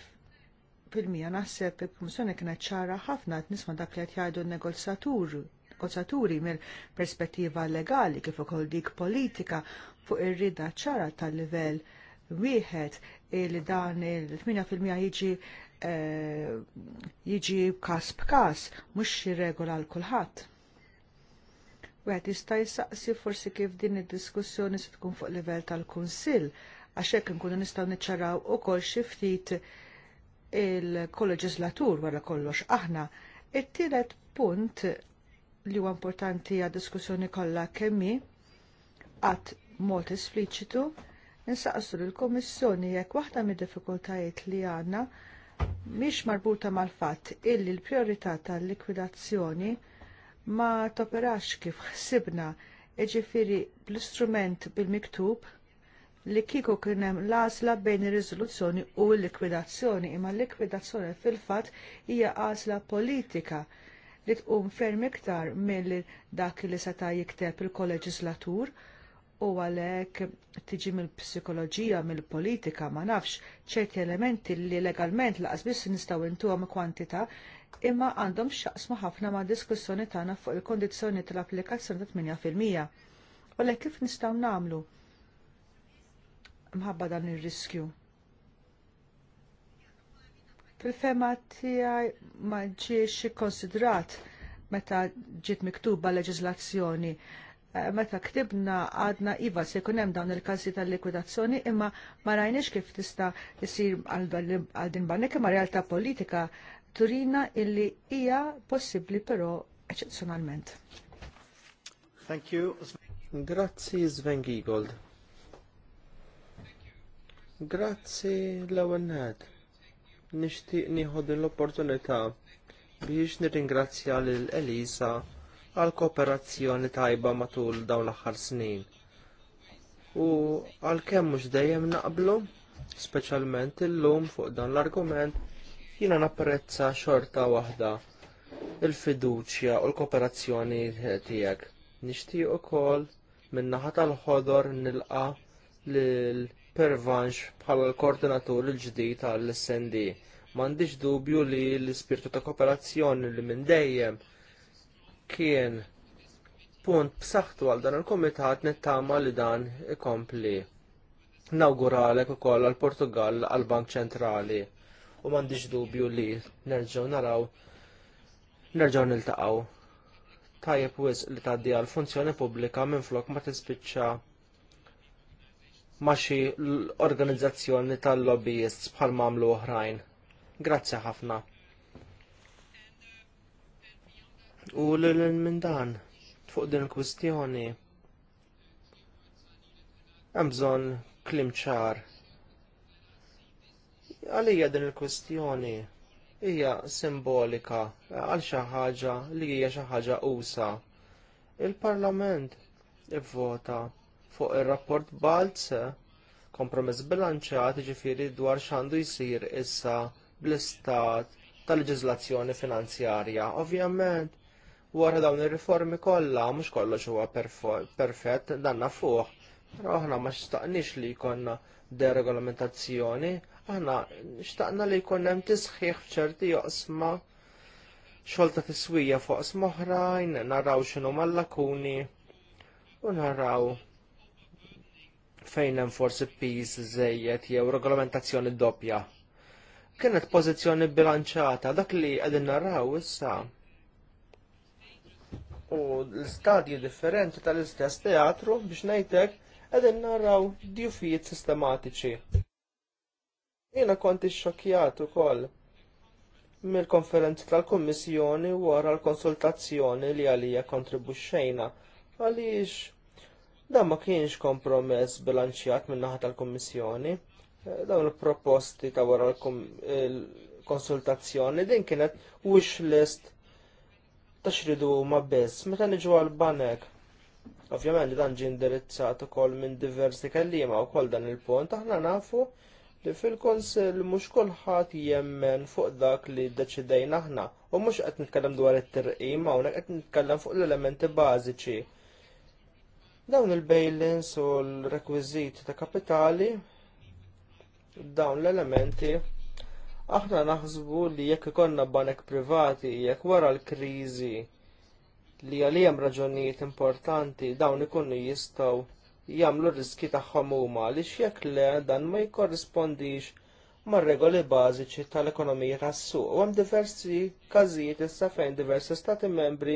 fil-mija naħseb il-Kummissjoni kienet ċara ħafna qed nisma' dak li qed jgħidu n-negozjaturi negozjaturi mill perspettiva legali kif ukoll dik politika fuq ir-rida ċara tal-livell wieħed li dan il-8% jiġi eh, jiġi kas b'kas mhux regola l kulħadd. Għet jista' jisaqsi forsi kif din id-diskussjoni se tkun fuq livell tal-Kunsill għax hekk inkunu nistgħu niċċaraw ukoll xi ftit il-kolleġislatur wara kollox aħna. It-tielet punt li huwa importanti għad diskussjoni kollha kemmi għad mod ispliċitu Nsaqsu l-Komissjoni jekk waħda mid diffikultajiet li għandna mhix marbuta mal-fatt illi l prijorità tal-likwidazzjoni ma toperax kif ħsibna ġifiri bl-istrument bil-miktub li kieku kien hemm l-għażla bejn ir-riżoluzzjoni u l-likwidazzjoni, imma l-likwidazzjoni fil-fatt hija għażla politika li tqum ferm iktar mill dak li seta' jikteb il-koleġislatur u għalhekk tiġi mill-psikoloġija, mill-politika, ma nafx ċerti elementi li legalment laqas biss nistgħu ntuhom kwantità imma għandhom xaqsmu ħafna ma' diskussjoni tagħna fuq il-kondizzjoni tal-applikazzjoni ta' 8%. U lek kif nistgħu nagħmlu mħabba dan ir-riskju. Fil-fema tiegħi ma ġiex konsidrat meta ġiet miktuba leġiżlazzjoni eh, meta ktibna għadna iva se jkun hemm dawn il-każi tal-likwidazzjoni imma ma rajniex kif tista' jsir għal din banek imma realtà politika turina illi hija possibbli però eccezzjonalment. Thank you. Grazzi Sven Giegold. Grazzi l-ewwel nixtieq nieħu l-opportunità biex nirringrazzja lil Elisa għal kooperazzjoni tajba matul dawn l-aħħar snin. U għal kemm mhux dejjem naqblu, speċjalment illum fuq dan l-argument, Jiena napprezza xorta waħda il-fiduċja u l-kooperazzjoni tiegħek. Nixtieq ukoll min-naħa tal-ħodor nilqa lil pervanx bħala l-koordinatur il-ġdid tal-SND. M'għandix dubju li l-ispirtu ta' kooperazzjoni li minn dejjem kien punt b'saħħtu għal dan il-komitat nittama li dan ikompli. Nawguralek ukoll għall Portugal għall Bank Ċentrali u m'għandix dubju li nerġgħu naraw nerġgħu niltaqgħu. Tajjeb wisq li taddi għal funzjoni pubblika minflok ma tispiċċa ma xi organizzazzjoni tal-lobbyists bħal mamlu oħrajn. Grazzi ħafna. U l minn dan fuq din il-kwistjoni hemm bżonn klim ċar Għalija din il-kwestjoni hija simbolika għal xi ħaġa li hija xi ħaġa usa. Il-Parlament ivvota fuq ir-rapport Balz kompromess bilanċat ġifiri dwar x'għandu jsir issa bl-istat tal-leġiżlazzjoni finanzjarja. Ovvjament, wara dawn ir-riformi kollha mhux kollox huwa perfett danna fuq, però aħna ma xtaqniex li jkollna deregolamentazzjoni Aħna xtaqna li jkun hemm tisħiħ f'ċerti joqsma xolta tiswija fuq smoħrajn, naraw x'inhu mal-lakuni u naraw fejn hemm forsi pis żejjed jew regolamentazzjoni doppja. Kienet pożizzjoni bilanċata dak li qegħdin naraw issa. U l-istadji differenti tal-istess teatru biex ngħidlek qegħdin naraw djufijiet sistematiċi. Jiena konti xokjat ukoll mill konferenzi tal-Kummissjoni wara l-konsultazzjoni li għalija kontribuxxejna għaliex dan ma kienx kompromess bilanċjat min naħa tal-Kummissjoni. Dawn il-proposti ta' wara l-konsultazzjoni din kienet wish list ta' xridu ma' biss meta niġu għal-banek. Ovvjament dan ġie indirizzat ukoll minn diversi kelliema wkoll dan il-punt aħna nafu li fil-konsil mhux kulħadd jemmen fuq dak li ddeċidejna aħna u mhux qed nitkellem dwar it-tirqim hawnhekk qed nitkellem fuq l-elementi bażiċi. Dawn il-bailins u l-rekwiżiti ta' kapitali dawn l-elementi aħna naħsbu li jekk ikonna banek privati, jekk wara l-kriżi li għalijem raġunijiet importanti dawn ikunu jistgħu jagħmlu r-riski tagħhom huma li jekk le dan ma jikkorrispondix mar-regoli bażiċi tal-ekonomija tas-suq. U hemm diversi każijiet issa fejn diversi stati membri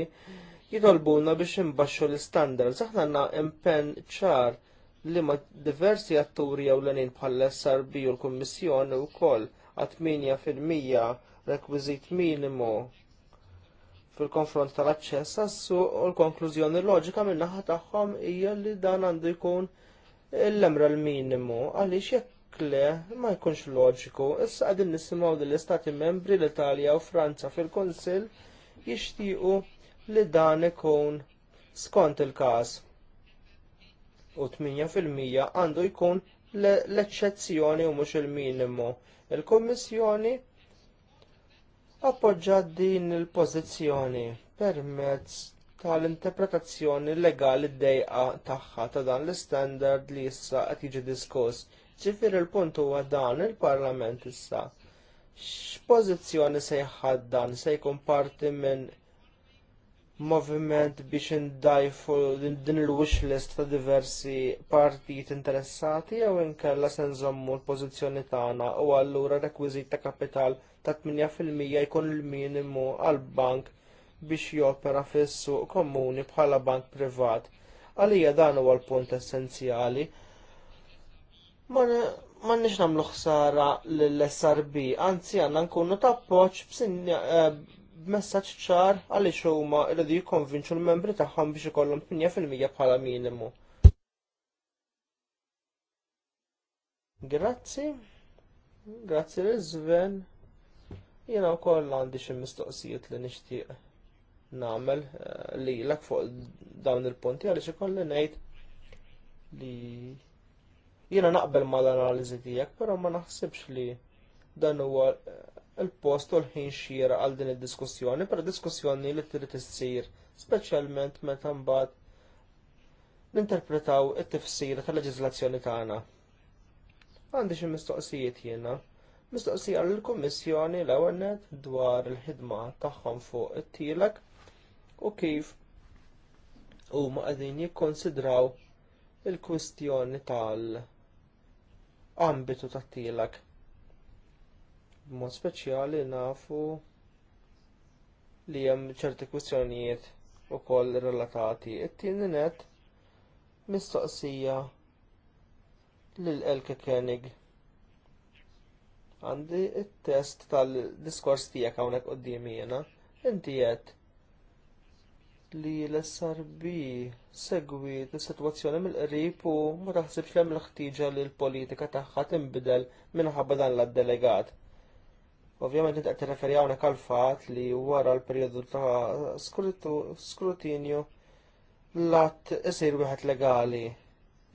jitolbuna biex imbaxxu l-istandards. Aħna għandna impenn ċar li ma diversi atturi jew l-enin bħal srb u l-Kommissjoni u koll għat 8% rekwiżit minimu fil-konfront tal-aċċess għassu u l-konklużjoni loġika min-naħa tagħhom hija li dan għandu jkun l-emra l-minimu għaliex jekk le ma jkunx loġiku. Issa qegħdin nisimgħu li l-Istati Membri l-Italja u Franza fil-Kunsill jixtiequ li dan ikun skont il-każ u 8% għandu jkun l-eċċezzjoni u mhux il-minimu. Il-Kummissjoni appoġġa din il-pożizzjoni permezz tal-interpretazzjoni legali dejqa tagħha ta' dan l-istandard li issa qed jiġi diskuss. Ġifier il-punt huwa dan il-Parlament issa. X'pożizzjoni se jħad dan se jkun parti minn moviment biex indajfu din il-wish list ta' diversi partijiet interessati jew inkella se nżommu l-pożizzjoni tagħna u allura rekwiżit ta' kapital ta' 8% jkun il-minimu għall bank biex jopera fis-suq komuni bħala bank privat. Għalija dan huwa l-punt essenzjali. Ma nix namlu ħsara l-SRB, anzi għanna nkunu ta' poċ eh, b'messaġġ ċar għaliex huma jridu jikkonvinċu l-membri tagħhom biex ikollhom 8% bħala minimu. Grazzi. Grazie l-Sven. Jiena wkoll għandi xi mistoqsijiet li nixtieq nagħmel eh, li l fuq dawn il-punti għaliex ikolli ngħid li jiena naqbel mal analiżi tiegħek, però ma naħsibx li dan huwa eh, il-post u l-ħin xira għal din id-diskussjoni, per diskussjoni li trid issir, speċjalment meta mbagħad ninterpretaw it-tifsira tal-leġiżlazzjoni tagħna. Għandi xi mistoqsijiet jiena Mistoqsija lill-Kummissjoni l-ewwel nett dwar il-ħidma tagħhom fuq it-tielek u kif huma qegħdin jikkonsidraw il-kwistjoni tal-ambitu tat-tielek. B'mod speċjali nafu li hemm ċerti kwistjonijiet ukoll relatati. It-tieni net mistoqsija lil Elke Kenig għandi il-test tal-diskors tiegħek hawnhekk qoddimi jena. Inti jett li l-SRB segwi l-sitwazzjoni mill-qrib u ma taħsibx l-ħtiġa li l-politika tagħha tinbidel minħabba dan l-delegat. Ovvjament inti qed tirreferi hawnhekk għal fatt li wara l-perjodu ta' skrutinju l-att isir wieħed legali.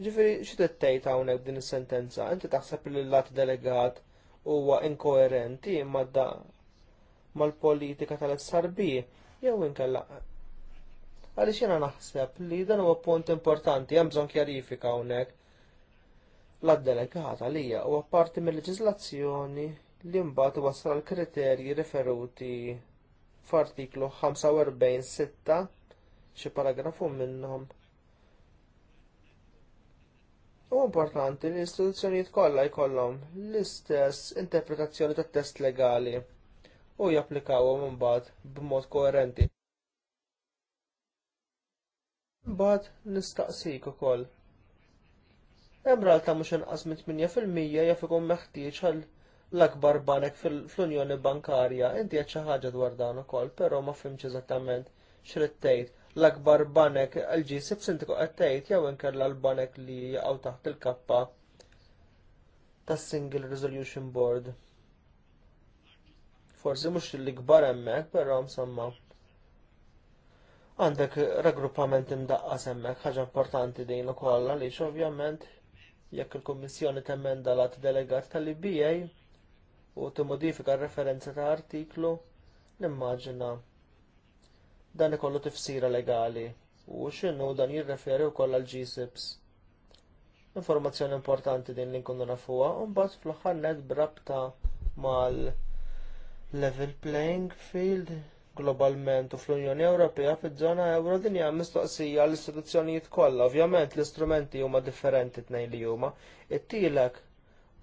Ġifieri xi tittejt hawnhekk din is-sentenza? Inti taħseb li l-att delegat huwa inkoerenti madda mal-politika tal-SRB jew inkella għaliex jiena naħseb li dan huwa punt importanti hemm bżonn kjarifika hawnhekk l-addelegata li hija huwa parti mill-leġiżlazzjoni li mbagħad wassal l kriterji riferuti f'artiklu 45-6 xi paragrafu minnhom U importanti li l-istituzzjonijiet kollha jkollhom l-istess interpretazzjoni tat test legali u japplikawhom imbagħad b'mod koerenti. Imbagħad nistaqsik ukoll. koll. Embralta mhux inqas minn 8% jaf ikun meħtieġ għal l-akbar banek fl-Unjoni Bankarja, inti għedċa ħagġa dwar dan ukoll, però ma fimx eżattament x'rid tgħid l-akbar banek l-ġisib sintiku għattejt jew inkella l-banek li jaqgħu taħt il-kappa tas Single Resolution Board. Forsi mhux li ikbar hemmhekk, però msamma. Għandek raggruppament imdaqqas hemmhekk ħaġa importanti din ukoll għaliex ovvjament jekk il-Kummissjoni temenda lat delegat tal-IBA u timodifika r-referenza ta' artiklu, nimmaġina dan ikollu tifsira legali u x'inhu dan jirreferi wkoll għal G-SIPs. Informazzjoni importanti din li nkunu nafuha u mbagħad fl-aħħar net brabta mal level playing field globalment u fl-Unjoni Ewropea fiż-żona Ewro din hija mistoqsija l istituzzjonijiet kollha. Ovvjament l-istrumenti huma differenti tnejn li huma. It-tielek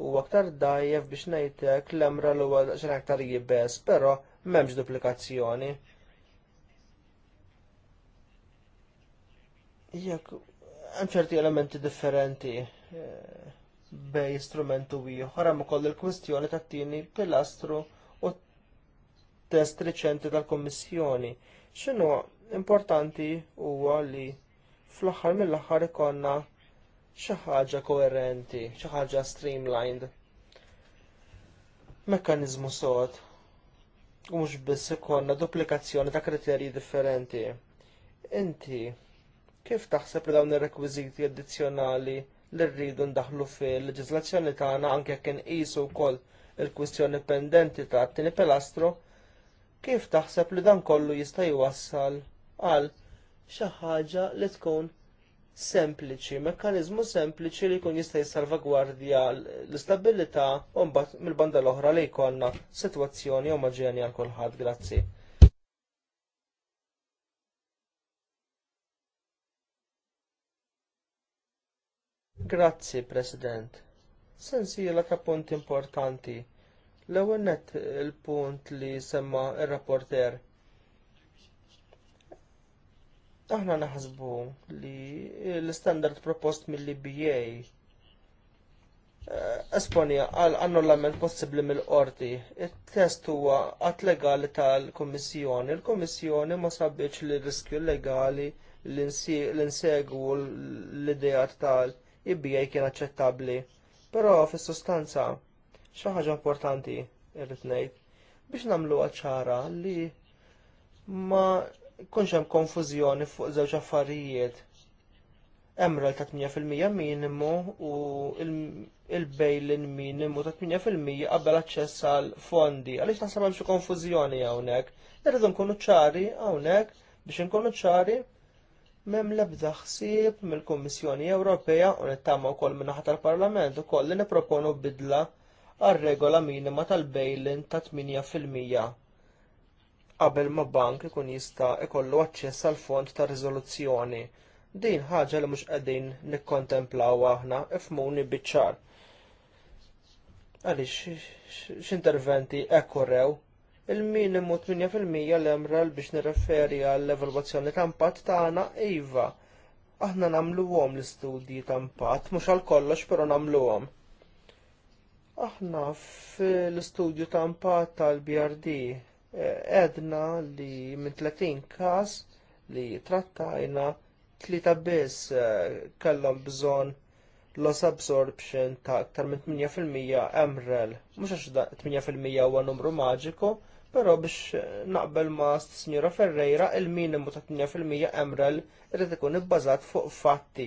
huwa aktar dajjef biex ngħidlek l-emra l huwa xejn aktar jibes, però m'hemmx duplikazzjoni. Jekk hemm ċerti elementi differenti eh, bej strumentu ieħor hemm ukoll il-kwistjoni tat-tieni pilastru u test riċenti tal kummissjoni X'inhu importanti huwa li fl-aħħar mill-aħħar ikonna xi ħaġa koerenti, xi ħaġa streamlined. Mekkaniżmu sod u mhux biss ikonna duplikazzjoni ta' kriterji differenti. Inti Kif taħseb li dawn ir-rekwiżiti addizzjonali li rridu ndaħlu fil-leġiżlazzjoni tagħna anke jekk inqisu wkoll il-kwistjoni pendenti ta' tieni pilastru, kif taħseb li dan kollu jista' jwassal għal xi ħaġa li tkun sempliċi, mekkaniżmu sempliċi li jkun jista' jissalvagwardja l-istabilità u mbagħad mill-banda l-oħra li jkollna sitwazzjoni omoġenja għal kulħadd. Grazzi. Grazzi, President. Sensiela ta' punt importanti. L-ewwel nett il-punt li semma r rapporter Aħna naħsbu li l-standard propost mill-IBA eh, Esponja għal annullament possibbli mill-qorti. Il-test huwa għat legali tal-Kommissjoni. Il-Kommissjoni ma sabiex li riskju legali l-insegwu l-idejat tal-, -tal il-bija kien aċċettabbli, però fis-sustanza xi ħaġa importanti irrid ngħid biex nagħmluha ċara li ma jkunx hemm konfużjoni fuq żewġ affarijiet. Hemm rel ta' 8% minimu u il-bejlin minimu ta' 8% qabel aċċess għal fondi. Għaliex naħseb hemm xi konfużjoni hawnhekk. Irridu nkunu ċari hawnhekk biex nkunu ċari Mem lebda ħsieb mill-Kummissjoni Ewropea u nittama wkoll min-naħa tal-Parlament ukoll li nipproponu bidla għar-regola minima tal-bejlin ta' 8% qabel ma bank ikun jista' jkollu aċċess għal fond ta' riżoluzzjoni. Din ħaġa li mhux qegħdin nikkontemplaw aħna f'muni biċ-ċar. Għaliex x'interventi hekk il-minimu 8% l-emrel biex nirreferi għall-evalwazzjoni ta' impatt tagħna iva. Aħna nagħmluhom l-istudji ta' impatt, mhux għal kollox però nagħmluhom. Aħna fil istudju ta' impatt tal-BRD eh, edna li minn 30 każ li trattajna tlieta biss eh, kellhom bżonn loss absorption ta' aktar minn 8% emrel, mhux għax 8% huwa numru maġiku, Però biex naqbel ma Sinjora Ferreira il-minimu ta' 8% emrel irid ikun ibbażat fuq fatti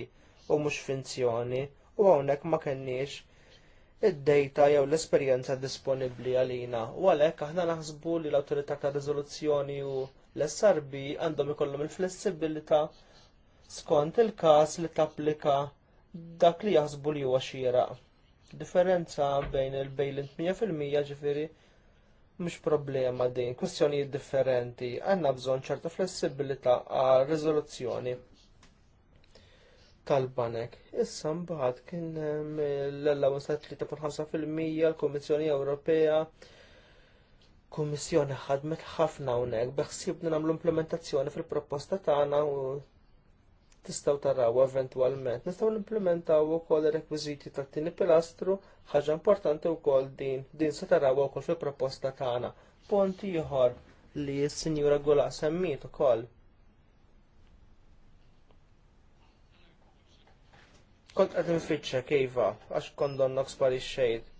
u mhux finzjoni u hawnhekk ma kenniex id-dejta jew l-esperjenza disponibbli għalina u għalhekk aħna naħsbu li l-awtorità ta' riżoluzzjoni u l-SRB għandhom ikollhom il-flessibilità skont il-każ li tapplika dak li jaħsbu li huwa xieraq. Differenza bejn il bejlint 100% ġifieri mhux problema din, kwistjonijiet differenti, għandna bżonn ċerta flessibilità għal riżoluzzjoni tal-banek. Issa mbagħad kien ehm, l-allowance ta' 3.5% l-Kummissjoni Ewropea Kummissjoni ħadmet ħafna hawnhekk beħsiebna nagħmlu implementazzjoni fil-proposta tagħna u tistgħu taraw eventwalment. Nistgħu nimplementaw ukoll ir-rekwiżiti tat-tieni pilastru, ħaġa importanti wkoll din, din se taraw ukoll fil-proposta tagħna. Ponti ieħor li s-Sinjura Gula semmit ukoll. Kont qed fitxa kejva għax noks pari xejt.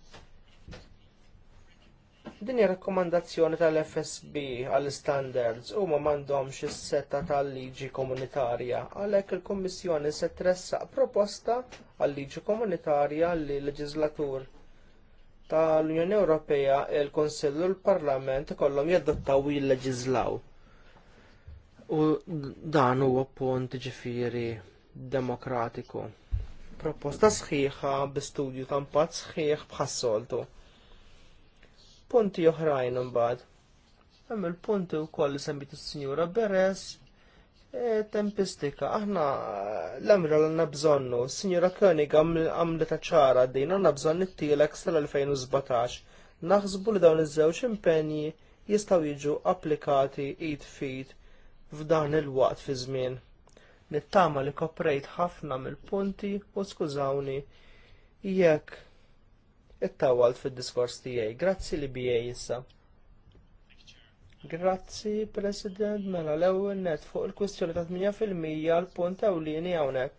Din ir rakkomandazzjoni tal-FSB għall-standards huma m'għandhomx is-setta tal-liġi komunitarja għalhekk il-Kummissjoni se tressaq proposta għal-liġi komunitarja li leġislatur tal-Unjoni Ewropea il kunsill u l-Parlament kollhom jadottaw u U dan huwa punt ġifieri demokratiku. Proposta sħiħa bi studju ta' sħiħ bħas-soltu punti oħrajn imbagħad. Hemm il-punti wkoll li semmit is-Sinjura Beres e, tempistika, aħna l-amra l għandna bżonnu, Sinjura König għamlet ċara din għandna bżonn it sal-2017. Naħsbu li dawn iż-żewġ impenji jistgħu jiġu applikati id fit f'dan il-waqt fi żmien. Nittama li koprejt ħafna mill-punti u skużawni jekk it-tawalt fil-diskors tijaj. Grazzi li bijaj jissa. Grazzi, President, mela l ewwel net fuq il kustjoni ta' 8% l-punt ewlieni hawnhekk.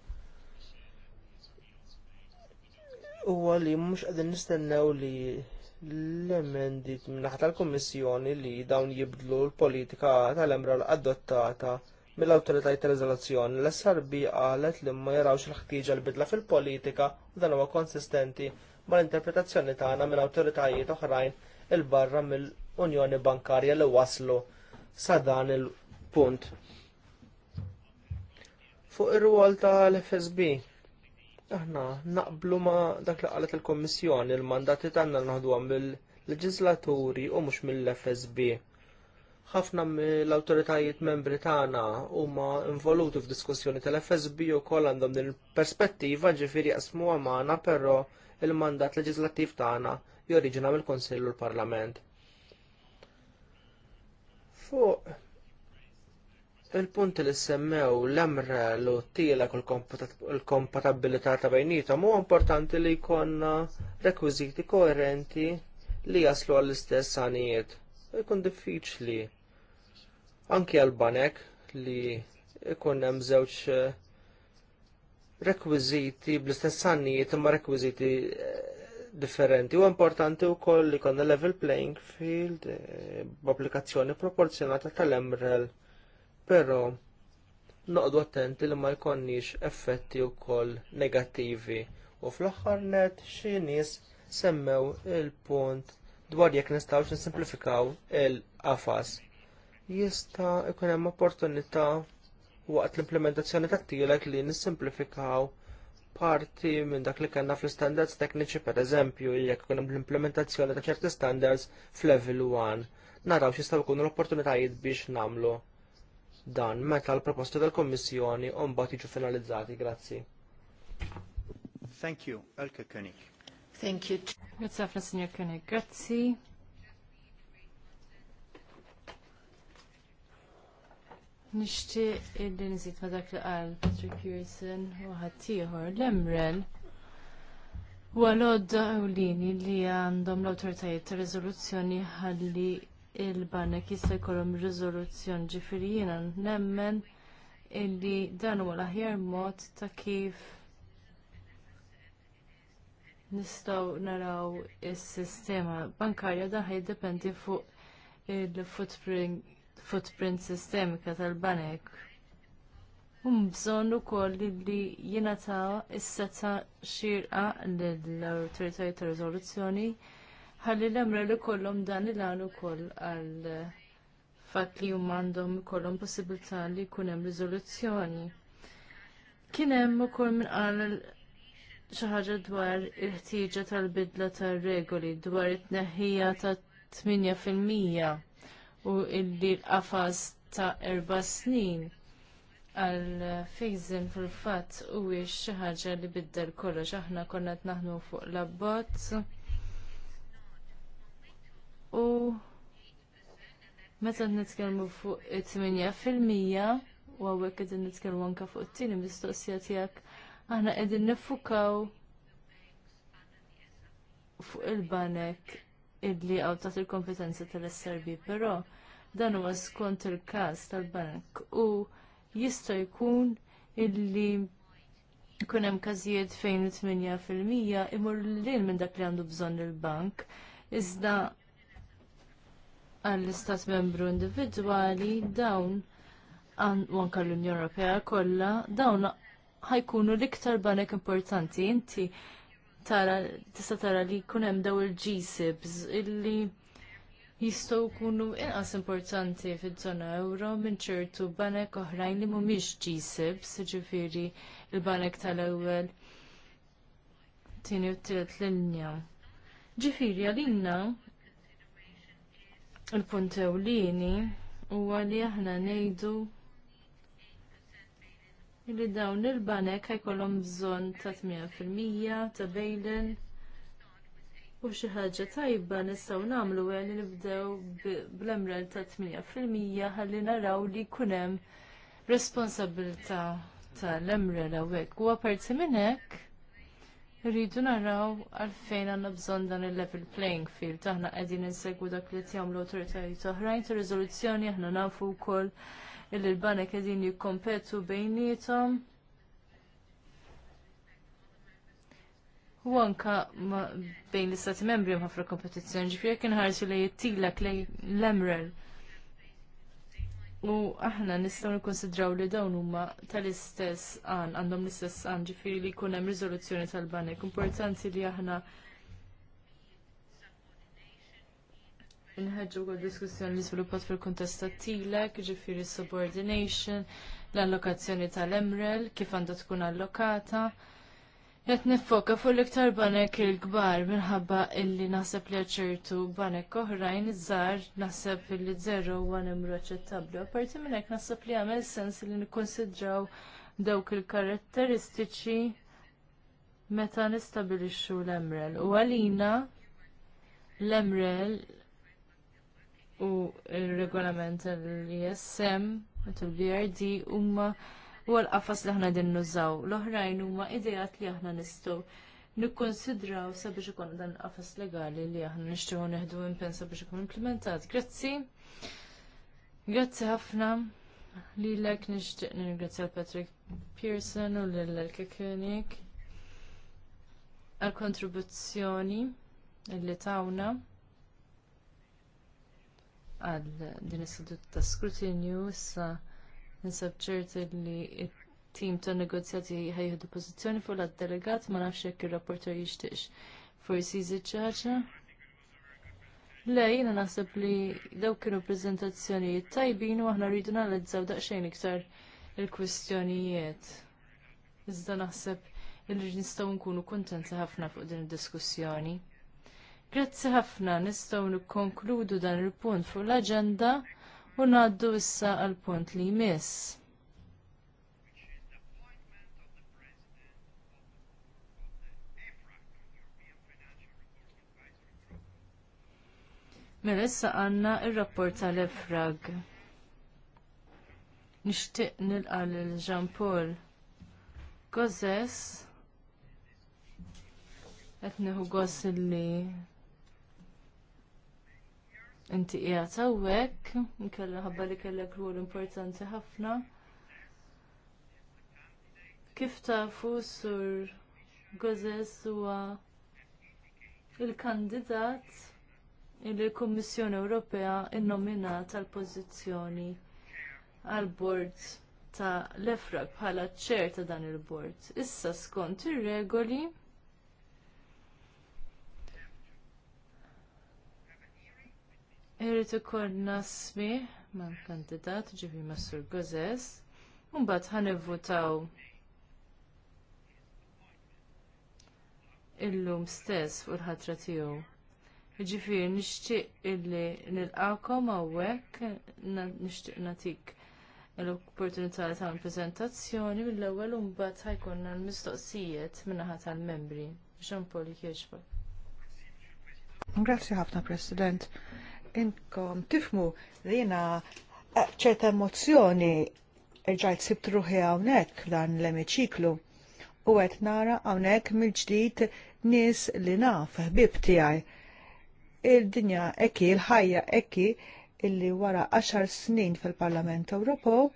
Huwa li mhux qegħdin nistennew li l emendit minnaħ tal-Kummissjoni li dawn jibdlu l-politika tal-emra adottata mill-awtoritajiet tal-izolazzjoni. L-SRB qalet li ma jarawx l ħtijġa l-bidla fil-politika u dan huwa konsistenti mal-interpretazzjoni tagħna minn awtoritajiet oħrajn il-barra mill-Unjoni Bankarja li waslu sa dan il-punt. Fuq ir-rwol tal-FSB, aħna naqblu ma dak li qalet il-Kommissjoni il-mandati tagħna naħduhom mill-leġislaturi u mhux mill-FSB ħafna mill-autoritajiet membri tagħna huma involuti f'diskussjoni tal-FSB u koll għandhom din il-perspettiva ġifieri jaqsmuha magħna però il-mandat leġislattiv tagħna joriġina mill-Kunsill u l-Parlament. Fuq il-punti li semmew l-emra l tila l-kompatabilità ta' bejnietom huwa importanti li jkollna rekwiżiti koerenti li jaslu għall-istess għanijiet. Ikun diffiċli anki għal-banek li ikun hemm żewġ rekwiżiti bl-istess sannijiet imma rekwiżiti eh, differenti. U importanti u koll li konna level playing field eh, b'applikazzjoni proporzjonata tal-emrel, però noqdu attenti li ma jkonniex effetti u koll negativi. U fl axar net xi nies semmew il-punt dwar jekk nistawx nisimplifikaw il-qafas. Jista' ikun hemm opportunità waqt l-implementazzjoni ta' tielek li nissimplifikaw parti minn dak li kellna fl-standards tekniċi pereżempju jekk kunem l-implementazzjoni ta' ċerti standards f'level 1. Naraw xista' jkunu l-opportunitajiet biex nagħmlu dan meta l-proposti tal-Kommissjoni u mbagħad jiġu finalizzati. Grazzi. Thank you, Elke König. Thank you. Grazie, Signor König. Grazzi. Nixtieq illi nżid ma dak li qal Patrick Pearson u ħaddieħor l-emrel u għal-odda lini li għandhom l autoritajiet ta' rezoluzzjoni ħalli il-banek jista' jkollhom riżoluzzjoni ġifieri jiena nemmen illi dan huwa l-aħjar mod ta' kif nistgħu naraw is-sistema bankarja dan ħajdependi fuq il-footprint footprint sistemika tal-banek. Hum bżonn ukoll li jingħata is-seta xirqa lill-awtoritajiet ta' riżoluzzjoni ħalli l-emre li kollhom dan il-għan ukoll għal fatt li huma għandhom ikollhom possibilità li jkun hemm riżoluzzjoni. Kien hemm ukoll min qal xi ħaġa dwar il-ħtieġa tal-bidla tar-regoli dwar it-tneħħija ta' 8 u illi l-qafas ta' erba snin għal fejzen fil fatt u xi ħaġa li biddel kollox aħna konna qed naħnu fuq l-abbozz u meta nitkellmu fuq 8% u hawnhekk qegħdin nitkellmu anke fuq it-tieni mistoqsija tiegħek aħna qegħdin niffukaw fuq il-banek illi għaw taħt il-kompetenza tal-SRB, però dan huwa skont il każ tal-bank u jista' jkun illi kun hemm każijiet fejn it-minja fil-mija imur lil minn dak li għandu bżonn il-bank, iżda għall-istat membru individwali dawn u anke l-Unjoni Ewropea kollha dawn ħajkunu l-iktar banek importanti. Inti tara tista' tara li jkun hemm daw il-GSIBs illi jistgħu jkunu inqas importanti fiż-żona euro minn ċertu banek oħrajn li mhumiex ġisibs, jiġifieri l banek tal-ewwel tieni u tielet linja. Ġifieri għalina il-punt ewlieni huwa li aħna ngħidu li dawn il-banek ħajkollhom bżonn ta' 8% ta' bejlin u xi ħaġa tajba nistgħu nagħmlu għal li nibdew bl-emrel ta' 8% ħalli naraw li jkun hemm responsabilità tal-emrel hawnhekk. U apparti minn hekk rridu naraw għalfejn għandna bżonn dan il-level playing field aħna qegħdin insegwu dak li jagħmlu awtoritajiet oħrajn ta' riżoluzzjoni aħna nafu wkoll illi l-banek qegħdin jikkompetu bejnietom. U anka bejn l-istati membri ħafna kompetizzjoni ġifieri jekk inħarsu li jittilek l-emrel. U aħna nistgħu nikkonsidraw li dawn huma tal-istess għan, għandhom l-istess għan ġifieri li jkun hemm riżoluzzjoni tal-banek. Importanti li aħna inħedġu għu diskussjoni li sviluppat fil-kontest tat-tilek, ġifiri subordination, l-allokazzjoni tal-emrel, kif għandu tkun allokata. Jett nifoka fuq l-iktar banek il-kbar minħabba illi naħseb li ċertu banek oħrajn żgħar naħseb illi zero huwa imru aċċettabbli. Apparti minn hekk naħseb li għamel sens li nikkonsidraw dawk il-karatteristiċi meta nistabilixxu l-emrel. U għalina l-emrel u il-regolament l-ISM u l-BRD huma u l-qafas li aħna din nużaw. L-oħrajn huma idejat li aħna nistgħu nikkonsidraw sabiex ikun dan qafas legali li aħna nixtiequ neħdu impenn sabiex ikun implementat. Grazzi. Grazzi ħafna li l-ek nishtiq ningrazzja Patrick Pearson u l-Elke Koenig għal kontribuzzjoni li tawna għal din is-sedut ta' skrutinju issa ninsab ċerti li t tim ta' negozjati ħajħdu pożizzjoni fuq l-delegat ma nafx jekk ir-rapporter jixtiex forsi jżid xi ħaġa. Le, jiena naħseb li dawk kienu preżentazzjonijiet tajbin u aħna rridu nalizzaw daqsxejn iktar il-kwistjonijiet. Iżda naħseb li nistgħu nkunu kuntenti ħafna fuq din id-diskussjoni. Grazzi ħafna nistgħu nikkonkludu dan il-punt fuq l-aġenda u ngħaddu issa għal punt li jmiss. Mela issa għandna ir-rapport tal-Efrag. Nixtieq nilqal lil Jean Paul Gozes qed għos li inti qiegħed hawnhekk, nkella ħabba li kellek rwol importanti ħafna. Kif tafu sur Gozes huwa il-kandidat il-Kummissjoni Ewropea innomina tal-pożizzjoni għall bord ta' l-efrag bħala ċerta ta' dan il-bord. Issa skont ir-regoli Irrit ikollna nasmi mal kandidat ġifi Massur Gozes. Mbagħad ħanivvutaw illum stess fuq il-ħatra tiegħu. Ġifieri nixtieq illi nilqakom hawnhekk nixtieq nagħtik l-opportunità ta' prezentazzjoni mill-ewwel mbagħad ħajkonna l-mistoqsijiet min-naħa tal-membri. Jean Paul Grazzi ħafna President inkom tifmu li eh, ċerta emozjoni rġajt sibt ruħi hawnhekk dan l-emiċiklu u għet nara hawnhekk mill-ġdid nies li naf ħbib tiegħi. Il-dinja ekki, il-ħajja ekki illi wara 10 snin fil-Parlament Ewropew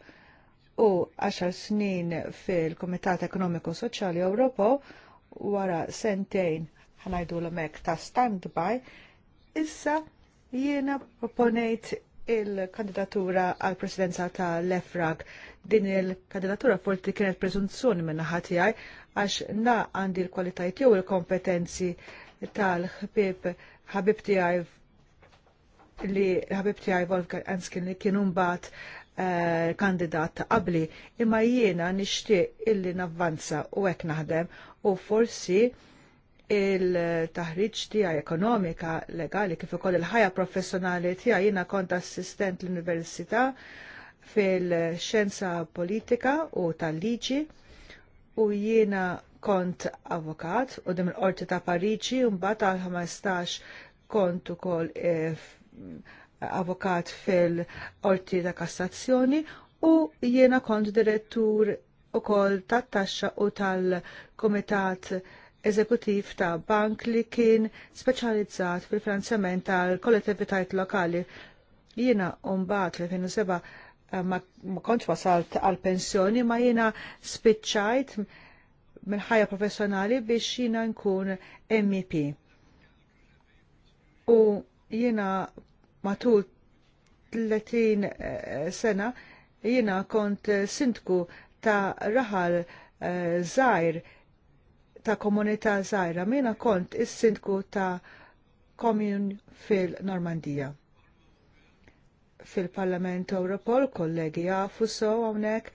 u 10 snin fil-Komitat Ekonomiku Soċjali Ewropew wara sentejn ħanajdu l-mek ta' standby issa Jiena proponejt il-kandidatura għal presidenza ta' l-EFRAG. Din il-kandidatura forti kienet prezunzjoni minna ħatijaj għax na għandi l-kwalitajt jew il-kompetenzi tal-ħbib ħabib tijaj li ħabib tijaj Wolfgang Anskin li kienu mbagħad eh, kandidat ta' qabli imma jiena nixtieq illi navvanza u hekk naħdem u forsi il-taħriġ tiegħi ekonomika, legali, kif ukoll il-ħajja professjonali tiegħi jina kont assistent l-Università fil-xjenza politika u tal-liġi u jiena kont avokat u dim il-qorti ta' Pariġi u mbagħad għal 15 kont ukoll eh, avokat fil-qorti ta' Kassazzjoni u jiena kont direttur ukoll tat-taxxa u tal-Kumitat eżekutiv ta' bank li kien speċjalizzat fil-finanzjament tal-kollettivitajiet lokali. Jiena mbagħad li 2007 eh, ma, ma kontx wasalt għal pensjoni ma jiena spiċċajt minn ħajja professjonali biex jiena nkun MEP. U jiena matul 30 eh, sena jiena kont sindku ta' raħal uh, zaħir ta' komunità żgħira mina kont is-sindku ta' komun fil-Normandija. Fil-Parlament Europol kollegi jafu so hawnhekk,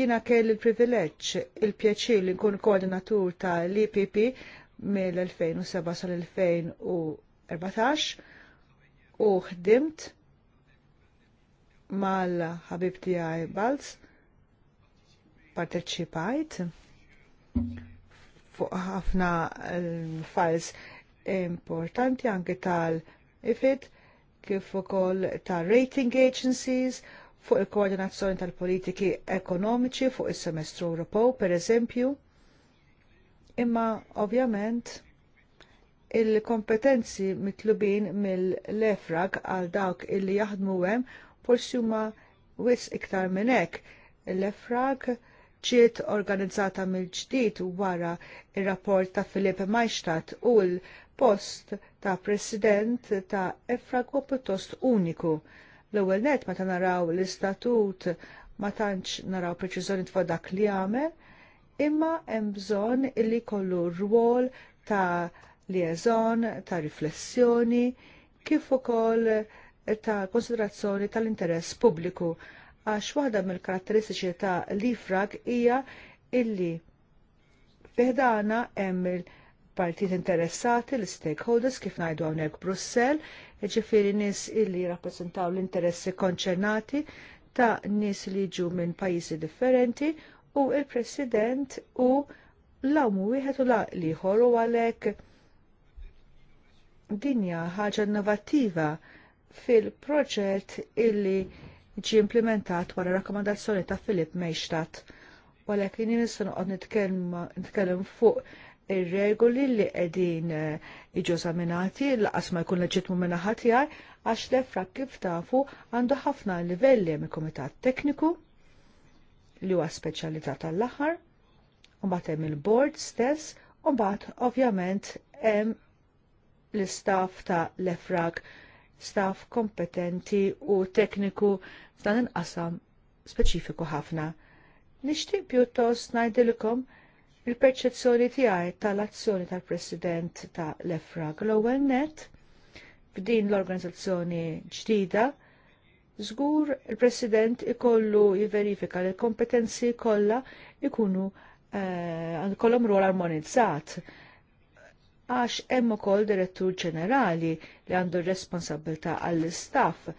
jina kelli l-privileġġ, il-pjaċir li nkun koordinatur ta' l-IPP mill-2007 sal-2014 u ħdimt mal ħabibti tiegħi Balz, parteċipajt fuq ħafna eh, files importanti anke tal-IFID kif ukoll tar rating agencies fuq il-koordinazzjoni tal-politiki ekonomiċi fuq is-semestru Ewropew pereżempju. Imma ovvjament il-kompetenzi mitlubin mill-lefrag għal dawk illi jaħdmu hemm forsi huma wis iktar minn hekk. L-lefrag ġiet organizzata mill-ġdid wara ir-rapport ta' Filip Majstat u l-post ta' president ta' Efragu pjuttost uniku. L-ewwel net meta naraw l-istatut ma tantx naraw preċiżjoni t'a dak li għamel imma hemm bżonn illi kollu rwol ta' liaison, ta' riflessjoni, kif ukoll ta' konsiderazzjoni tal-interess pubbliku għax waħda mill-karatteristiċi ta' l-ifrag hija illi fiħdana hemm il-partit interessati, l-stakeholders kif ngħidu hawnhekk Brussell, ġifieri nies illi rappreżentaw l-interessi konċernati ta' nies li ġu minn pajjiżi differenti u l president u l-għamu wieħed u laq ieħor u għalhekk dinja ħaġa innovattiva fil-proġett illi ġi implementat wara rakkomandazzjoni ta' Filip Mejxtat. Walek jini nisun għod nitkellem fuq ir-regoli li qegħdin eh, iġu l laqas ma jkun leġitmu minna ħatjar għax l-efra kif tafu għandu ħafna livelli mi komitat tekniku li huwa speċjalità tal-aħħar, u mbagħad hemm il-board stess, u mbagħad ovvjament hemm l-istaff ta' l-efrak staff kompetenti u tekniku f'dan il-qasam speċifiku ħafna. Nixtieq pjuttost najdilkom il-perċezzjoni tiegħi tal-azzjoni tal-President ta' l Global Net b'din l-organizzazzjoni ġdida żgur il-President ikollu jiverifika li l-kompetenzi kollha ikunu għandkollhom eh, uh, rol armonizzat għax hemm ukoll direttur ġenerali li għandu responsabilità għall-istaff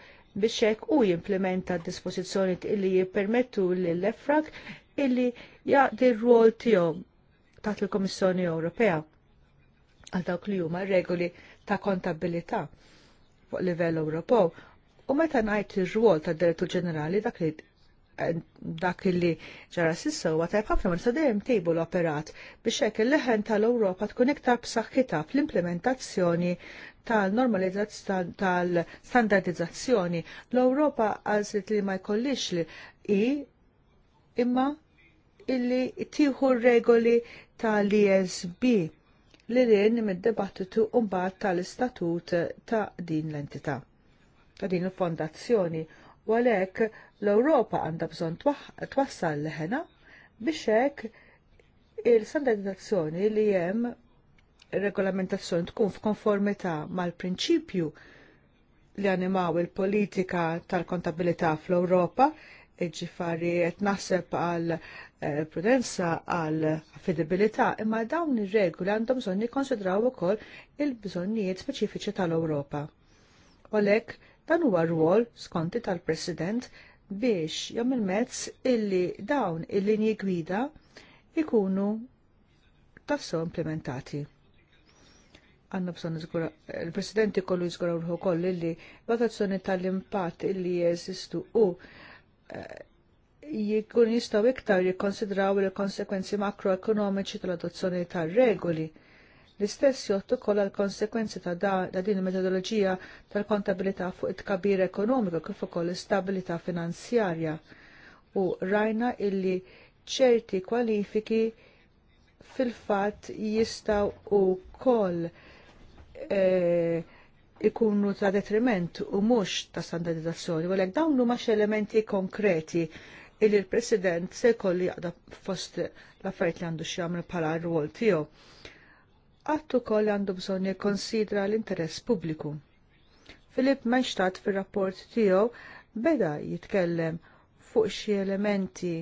biex hekk u jimplementa dispożizzjoni illi jippermettu lill efrak illi jaqdi r-rol tiegħu taħt il-Komissjoni Ewropea għal dawk li huma regoli ta' kontabilità fuq livell Ewropew u meta ngħid ir-rwol tad-Direttur Ġenerali dak li dak illi ġara sissa u għatajb ħafna ma dejjem tejbu l-operat biex hekk il-leħen tal-Ewropa tkun iktar b'saħħitha fl-implementazzjoni tal-normalizzazzjoni tal-standardizzazzjoni. L-Ewropa għażlet li ma jkollix li i imma illi tieħu regoli tal-ISB li rien mid-debattitu mbagħad tal-istatut ta' din l-entità ta' din il-fondazzjoni u għalhekk L-Ewropa għandha bżonn twassal l-ħena biex hekk il-standardizzazzjoni li hemm regolamentazzjoni tkun f'konformità mal-prinċipju li animaw il-politika tal-kontabilità fl-Ewropa, iġifari qed naħseb għal eh, prudenza għal affidabilità, imma dawn ir-regoli għandhom bżonn jikkonsidraw ukoll il-bżonnijiet speċifiċi tal-Ewropa. Olek, dan huwa rwol skonti tal-President biex jom il-mezz illi dawn il-linji gwida ikunu tasso implementati. Għanna bżon il-Presidenti kollu jizgura urħu koll illi vakazzjoni tal-impatt illi jeżistu u eh, jikun jistaw iktar jikonsidraw il-konsekwenzi makroekonomiċi tal-adozzjoni tal-regoli. tal adozzjoni tal regoli L-istess jottu kolla l-konsekwenzi ta' da, din il-metodoloġija tal-kontabilità fuq it-kabir ekonomiku kif ukoll l-istabilità finanzjarja. U rajna illi ċerti kwalifiki fil-fatt jistaw u koll e, ikunu ta' detriment u mux ta' standardizzazzjoni, għalek dawn huma elementi konkreti illi l-President se jkolli jaqda fost l-affarijiet li għandu xjamel bħala r-rwol tiegħu għattu ukoll għandu bżonni jikkonsidra l-interess pubbliku. Filip Mejxtat fil-rapport tiegħu beda jitkellem fuq xi elementi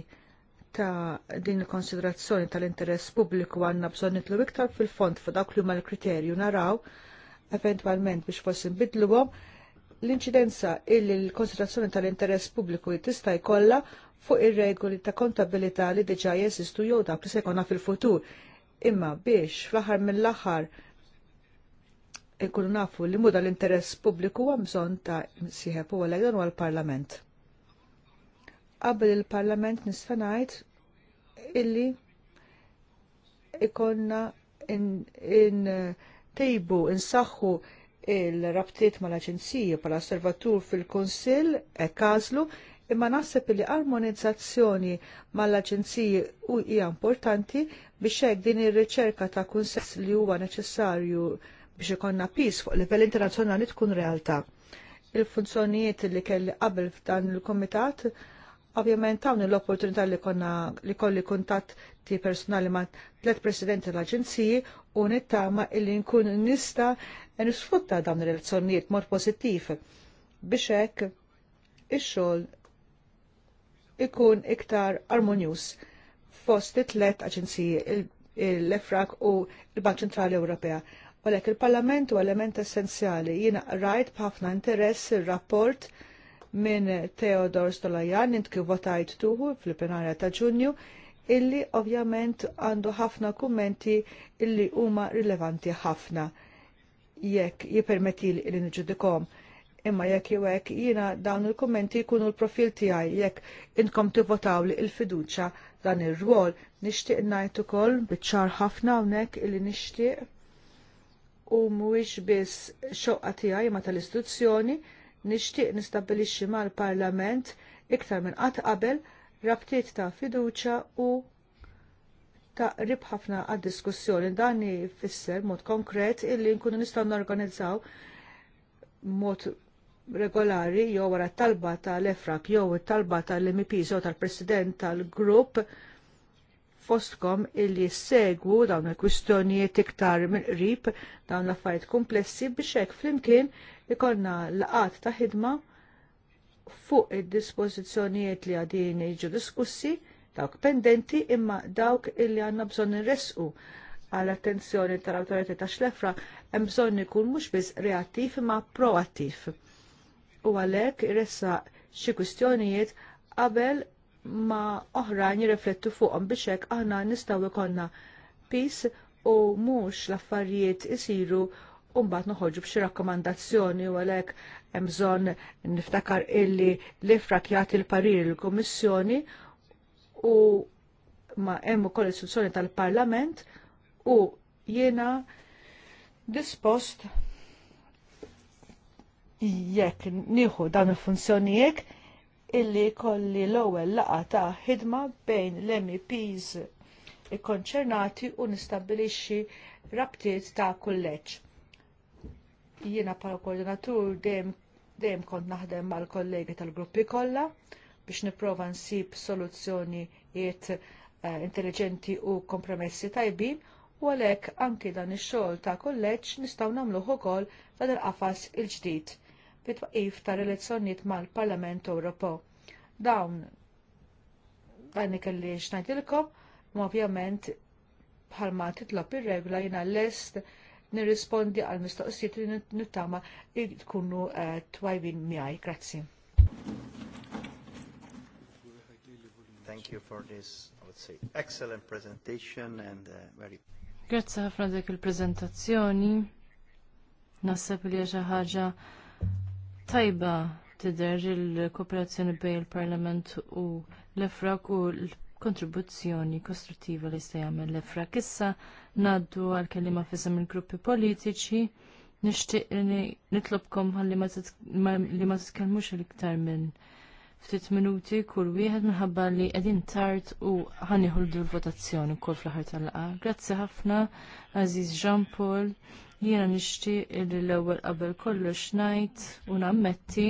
ta' din il-konsiderazzjoni tal-interess pubbliku għandna bżonn nitlu iktar fil-fond fuq dak li huma l-kriterju naraw eventwalment biex forsi nbidluhom l-inċidenza illi l-konsiderazzjoni tal-interess pubbliku tista' jkollha fuq ir-regoli ta' kontabilità li diġà jeżistu jew dak li se jkollna fil-futur imma biex fl-aħħar mill-aħħar ikunu nafu li muda l-interess pubbliku huwa bżonn ta' siħep u għal dan huwa l-Parlament. Qabel il-Parlament nista' ngħid illi ikonna in, in tejbu, insaħħu il-rabtiet mal-Aġenzija pal servatur fil-Konsil e kazlu imma naħseb li armonizzazzjoni mal-aġenziji u hija importanti biex hekk din ir-riċerka ta' kunsess li huwa neċessarju biex ikonna pis fuq livell internazzjonali tkun realtà. Il-funzjonijiet li kelli qabel f'dan il-komitat ovvjament hawn l-opportunità li konna li kolli kuntatt ti personali ma' tliet presidenti l-aġenziji u nittama illi nkun nista nisfrutta dawn ir relazzjonijiet mod pożittiv biex hekk ix-xogħol ikun iktar armonjus fost it-tlet aċenziji l-EFRAK u l-Bank Ċentrali Ewropea. Għalek il-Parlament u element essenzjali jina rajt b'ħafna interess il-rapport minn Theodor Stolajan intki votajt tuħu fil-plenarja ta' ġunju illi ovvjament għandu ħafna kummenti illi huma rilevanti ħafna jekk jipermetti li nġudikom imma jekk jew hekk jiena dawn il-kummenti jkunu l-profil tiegħi jekk inkom tivvotaw li l-fiduċja dan ir-rwol nixtieq ngħid ukoll biċ-ċar ħafna hawnhekk li nixtieq u mhuwiex biss xoqqa tiegħi ma tal-istituzzjoni nixtieq nistabbilixxi mal-Parlament iktar minn qatt qabel rabtiet ta' fiduċja u ta' ribħafna għad diskussjoni dan jfisser mod konkret illi nkunu nistgħu norganizzaw mod regolari jew wara talba tal-efrak jew talba tal-MPs jew tal-President tal-grupp fostkom illi segwu dawn il-kwistjonijiet iktar minn qrib dawn l-affarijiet komplessi biex hekk flimkien ikonna laqat ta' ħidma fuq id-dispożizzjonijiet li għadin jiġu diskussi dawk pendenti imma dawk illi għandna bżonn nirresqu għall attenzjoni tal-awtorità tax xlefra hemm bżonn ikun mhux biss reattiv imma proattiv u għalhekk irressa xi kwistjonijiet qabel ma oħrajn jirreflettu fuqhom biex hekk aħna nistgħu ikollna peace u mhux l-affarijiet isiru u mbagħad noħorġu b'xi rakkomandazzjoni u għalhekk hemm bżonn niftakar illi l-ifrak jagħti l-parir il-Kummissjoni u ma hemm ukoll istituzzjoni tal-Parlament u jiena dispost jekk nieħu dan il funzjonijiet illi kolli l-ewwel laqgħa ta' ħidma bejn l-MEPs ikkonċernati u nistabbilixxi rabtiet ta' kulleġġ. Jiena bħala koordinatur dejjem kont naħdem mal-kollegi tal-gruppi kollha biex nipprova nsib soluzzjonijiet eh, intelligenti u kompromessi tajbin u għalhekk anke dan ix-xogħol ta' kulleġġ nistgħu nagħmluh ukoll dan il-qafas il-ġdid fit-twaqif ta' relazzjonijiet mal-Parlament Ewropew. Dawn dan ikelli xnajdilkom, ma ovvjament bħalma titlob ir-regola jiena lest nirrispondi għal mistoqsijiet li nittama li tkunu eh, twajbin miegħi. Grazzi. Thank you for this, I would say, excellent presentation and uh, very... Grazie ħafna dak il-prezentazzjoni. Nasab li ħaġa tajba tidher il-kooperazzjoni bejn il-Parlament u l-Efrak u l-kontribuzzjoni kostruttiva li se jagħmel l-Efrak. Issa ngħaddu għal kelliema fisem il-gruppi politiċi nixtieq nitlobkom ħalli li ma tkellmux l-iktar minn ftit minuti kull wieħed minħabba li qegħdin tard u ħaniħoldu l-votazzjoni kol fl-aħħar tal laqgħa Grazzi ħafna, Aziz Jean Paul, jiena nixtieq illi l-ewwel qabel kollox ngħid u nammetti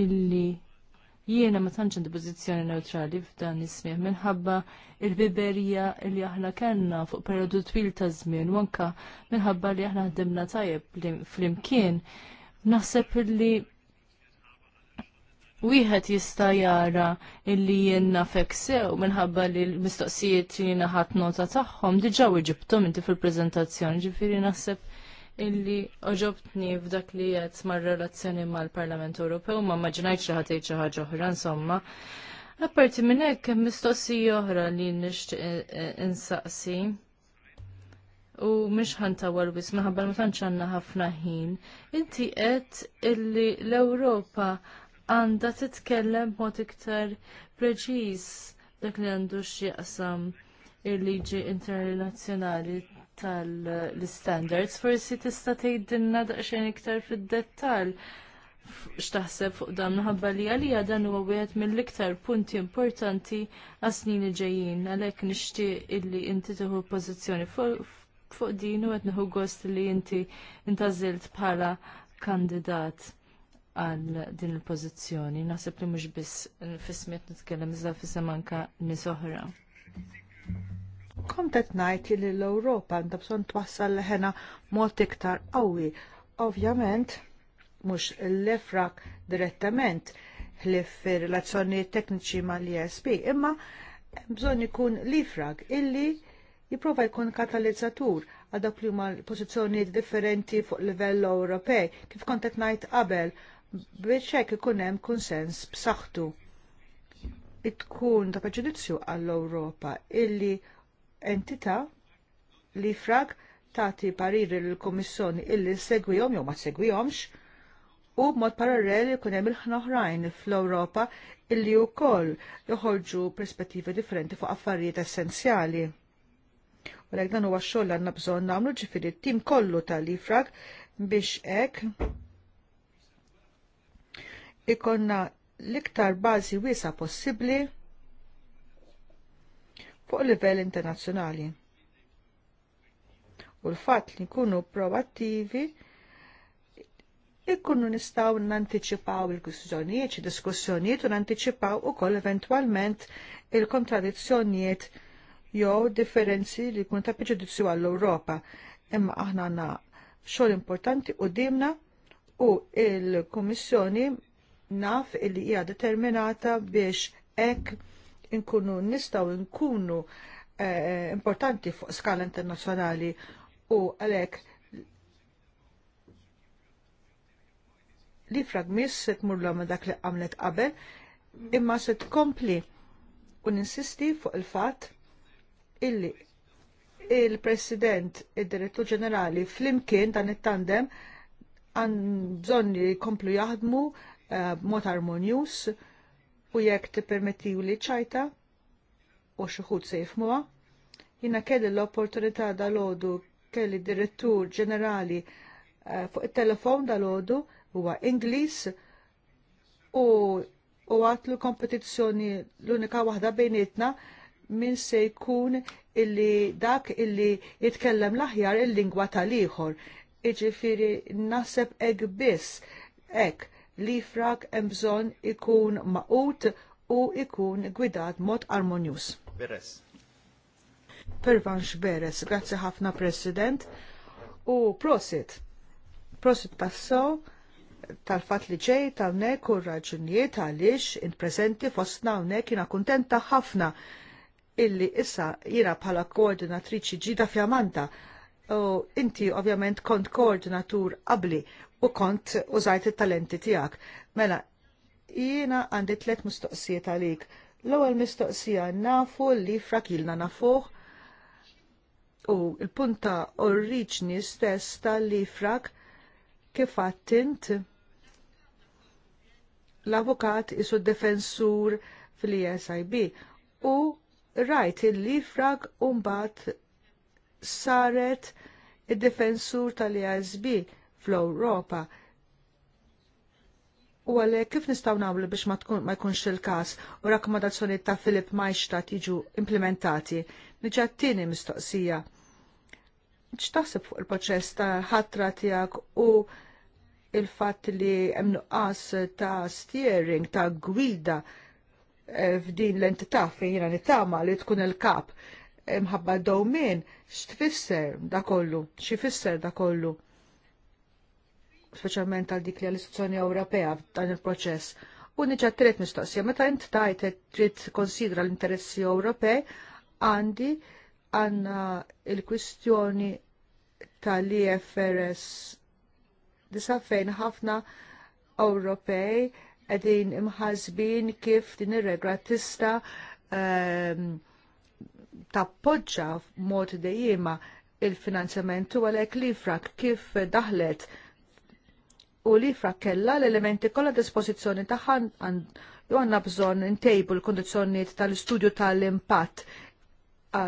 illi jiena ma tantx għandi pożizzjoni neutrali f'dan is minħabba il-biberija li aħna kellna fuq periodu twil ta' żmien u anke minħabba li aħna ħdimna tajjeb flimkien. Naħseb li wieħed jista' jara illi jenna feksew minħabba li l-mistoqsijiet li naħat nota tagħhom diġà iġibtom inti fil-preżentazzjoni, ġifieri naħseb illi oġobtni f'dak li qed mar-relazzjoni mal-Parlament Ewropew ma maġinajtx li ħatejt xi ħaġa oħra insomma. Apparti minn hekk hemm mistoqsija oħra li nixtieq insaqsi. U mhix ħantawal wis minħabba ma tantx għandna ħafna ħin. Inti qed illi l-Ewropa għandha titkellem b'mod iktar preċiż dak li għandu x'jaqsam il-liġi internazzjonali tal-standards. Forsi tista' tgħidilna daqsxejn iktar fid-dettall x'taħseb fuq dan minħabba li għalija dan huwa wieħed mill-iktar punti importanti għas-snin ġejjin għalhekk nixtieq illi inti tieħu pożizzjoni fuq din u qed nieħu gost li inti intażilt bħala kandidat għal din il-pożizzjoni. Naħseb li mhux biss eh, fismiet nitkellem iżda fisem anka nies oħra. Kontet ngħid li l-Ewropa għandha bżonn twassal leħena mod iktar qawwi. Ovvjament mhux l-efrak direttament ħlif relazzjonijiet tekniċi mal-ISP, imma bżonn ikun l-ifrag illi jiprofa jkun katalizzatur għal dak li huma pożizzjonijiet differenti fuq livell Ewropej, kif kont qed ngħid qabel biex hekk ikun hemm kunsens b'saħħtu tkun ta' preġudizzju għall-Ewropa illi entità li frag tagħti pariri lill kummissjoni illi segwihom jew ma segwihomx u b'mod parallel ikun hemm il-ħna oħrajn fl-Ewropa illi wkoll joħorġu perspettivi differenti fuq affarijiet essenzjali. U l dan huwa x-xogħol għandna bżonn nagħmlu ġifieri t-tim kollu tal-ifrag biex hekk ikonna l-iktar bażi wiesa possibbli fuq livell internazzjonali. U l-fatt li nkunu proattivi ikunu nistaw nanticipaw il-kwistjonijiet, diskussjonijiet u nanticipaw u koll eventualment il-kontradizzjonijiet jew differenzi li kun ta' preġudizzju għall-Europa. Imma aħna għanna xogħol importanti u dimna u il-Kummissjoni naf illi hija determinata biex ek inkunu nistaw inkunu eh, importanti fuq skala internazzjonali u għalek li fragmis se tmur l dak li għamlet qabel imma se tkompli u ninsisti fuq il-fat illi il-President, il-Direttur Ġenerali, flimkien dan it-tandem għan bżonni jkomplu jaħdmu Eh, mod armonjus u jekk tippermettiju li ċajta u xi ħud se jifmuha. Jiena kelli l-opportunità dal ħodu kelli direttur ġenerali eh, fuq it-telefon dal-għodu huwa Ingliż u u għatlu kompetizzjoni l-unika waħda bejnietna min se jkun illi dak illi jitkellem l-aħjar il-lingwa tal-ieħor. Iġifiri naseb ek biss ek li frak hemm bżonn ikun maqut u ikun gwidat mod armonjus. Beres. Pervanx Beres, grazzi ħafna President u prosit. Prosit passo tal-fat li ġej tal-nek u raġunijiet għaliex in-prezenti fostna hawnhekk jina kontenta ħafna illi issa jira bħala koordinatriċi ġida fjamanta. U inti ovvjament kont koordinatur qabli u kont użajt it-talenti tiegħek. Mela, jiena għandi tliet mistoqsijiet għalik. L-ewwel mistoqsija nafu li frakilna nafuh u l-punta oriġni stess tal-lifrak kif għattint l-avukat isu defensur fil isib u rajt il-lifrak un saret il-defensur tal isib fl-Ewropa. U għalhekk kif nistgħu nagħmlu biex ma, tkun, ma jkunx il-każ u rakkomandazzjonijiet ta' Filip Majxtat jiġu implementati. Niġa tieni mistoqsija. X'taħseb fuq il-proċess ta' ħatra tiegħek u il-fatt li hemm nuqqas ta' steering, ta' gwida eh, f'din l-entità fejn jiena nittama li tkun il-kap imħabba dowmin x'tfisser da kollu, x'ifisser da kollu speċjalment għal dik li għall-istituzzjoni Ewropea dan il-proċess. U niġa tret mistoqsija, meta int tajt trid konsidra l-interessi Ewropej, għandi għanna il-kwistjoni tal-IFRS disa fejn ħafna Ewropej qegħdin imħazbin kif din ir-regra tista um, tappoġġa mod dejjima il-finanzjament u għalhekk li frak kif daħlet u li frakkella l-elementi kollha dispożizzjoni tagħha għandna bżonn intejbu l-kondizzjonijiet tal-istudju tal-impatt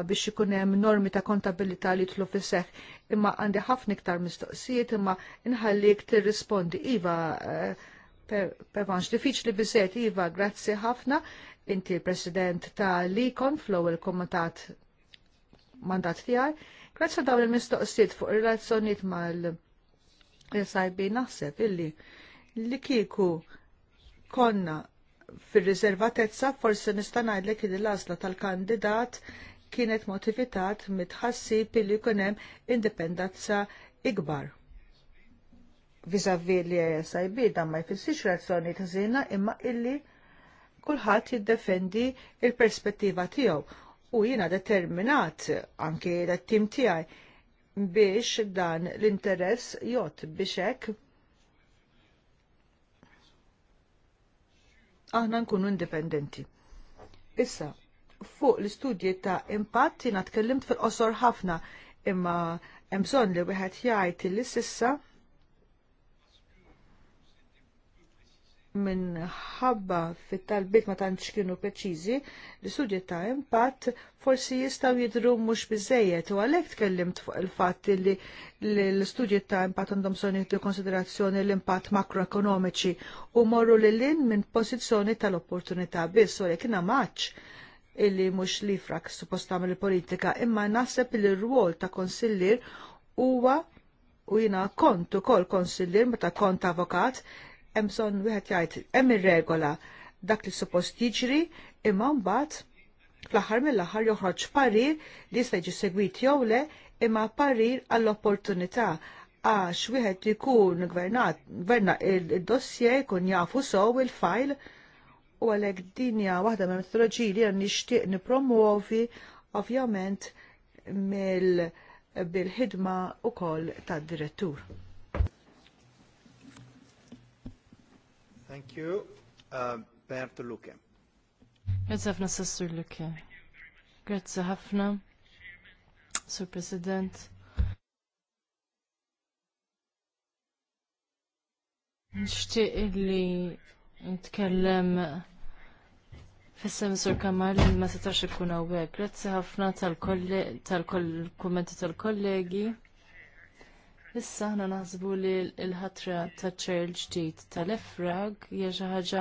biex ikun hemm normi ta' kontabilità li tlu fis imma għandi ħafna iktar mistoqsijiet imma inħallik tirrispondi iva e, pervanx diffiċli biżet iva grazzi ħafna inti president ta' Likon flow il-komitat mandat tiegħi. Grazzi dawn il-mistoqsijiet fuq ir-relazzjonijiet mal- Sajbi naħseb illi li kieku konna fir-riservatezza forse nista' ngħidlek li l-għażla tal-kandidat kienet motivitat mitħassib li jkun hemm indipendenza ikbar. Vizavi li SIB dan ma jfissix razzjoni ta' imma illi kulħadd jiddefendi il-perspettiva tiegħu u jiena determinat anke dat-tim tiegħi biex dan l-interess jgħod biex hekk aħna nkunu indipendenti. Issa, fuq l-istudji ta' impatt jiena fil-qosor ħafna imma hemm li wieħed jgħid li sissa minħabba fit-talbiet ma tantx kienu preċiżi li studji ta' impatt forsi jistgħu jidhru mhux biżejjed u għalhekk tkellimt fuq il-fatt li l-studji ta' impatt għandhom soni li konsiderazzjoni l-impatt makroekonomiċi u morru lil lin minn pożizzjoni tal-opportunità biss u jekk maċ illi mhux li frak suppost tagħmel politika imma naħseb li r-rwol ta' konsillier huwa u jina kont ukoll konsillier meta kont avokat hemm bżonn wieħed jgħid hemm ir-regola dak li suppost jiġri imma mbagħad fl-aħħar mill-aħħar joħroġ parir li jista' jiġi segwit jew le imma parir għall-opportunità għax wieħed ikun gvernat gverna il-dossier jkun jafu sew il file u għalhekk din hija waħda mill metodoloġiji li nixtieq nippromuovi ovvjament mill bil-ħidma kol tad-direttur. Thank you. Uh, Bernd Luke. Grazie ħafna, Luke. Grazie ħafna, Sur President. Nishtiq illi nitkellem Fissem Sur Kamal li ma setax ikun għawek. Grazzi ħafna tal-kommenti tal-kollegi. tal kolle tal kolle tal kommenti tal kollegi Issa ħna naħsbu li l-ħatra ta' ċerl ġdid tal-efrag hija xi ħaġa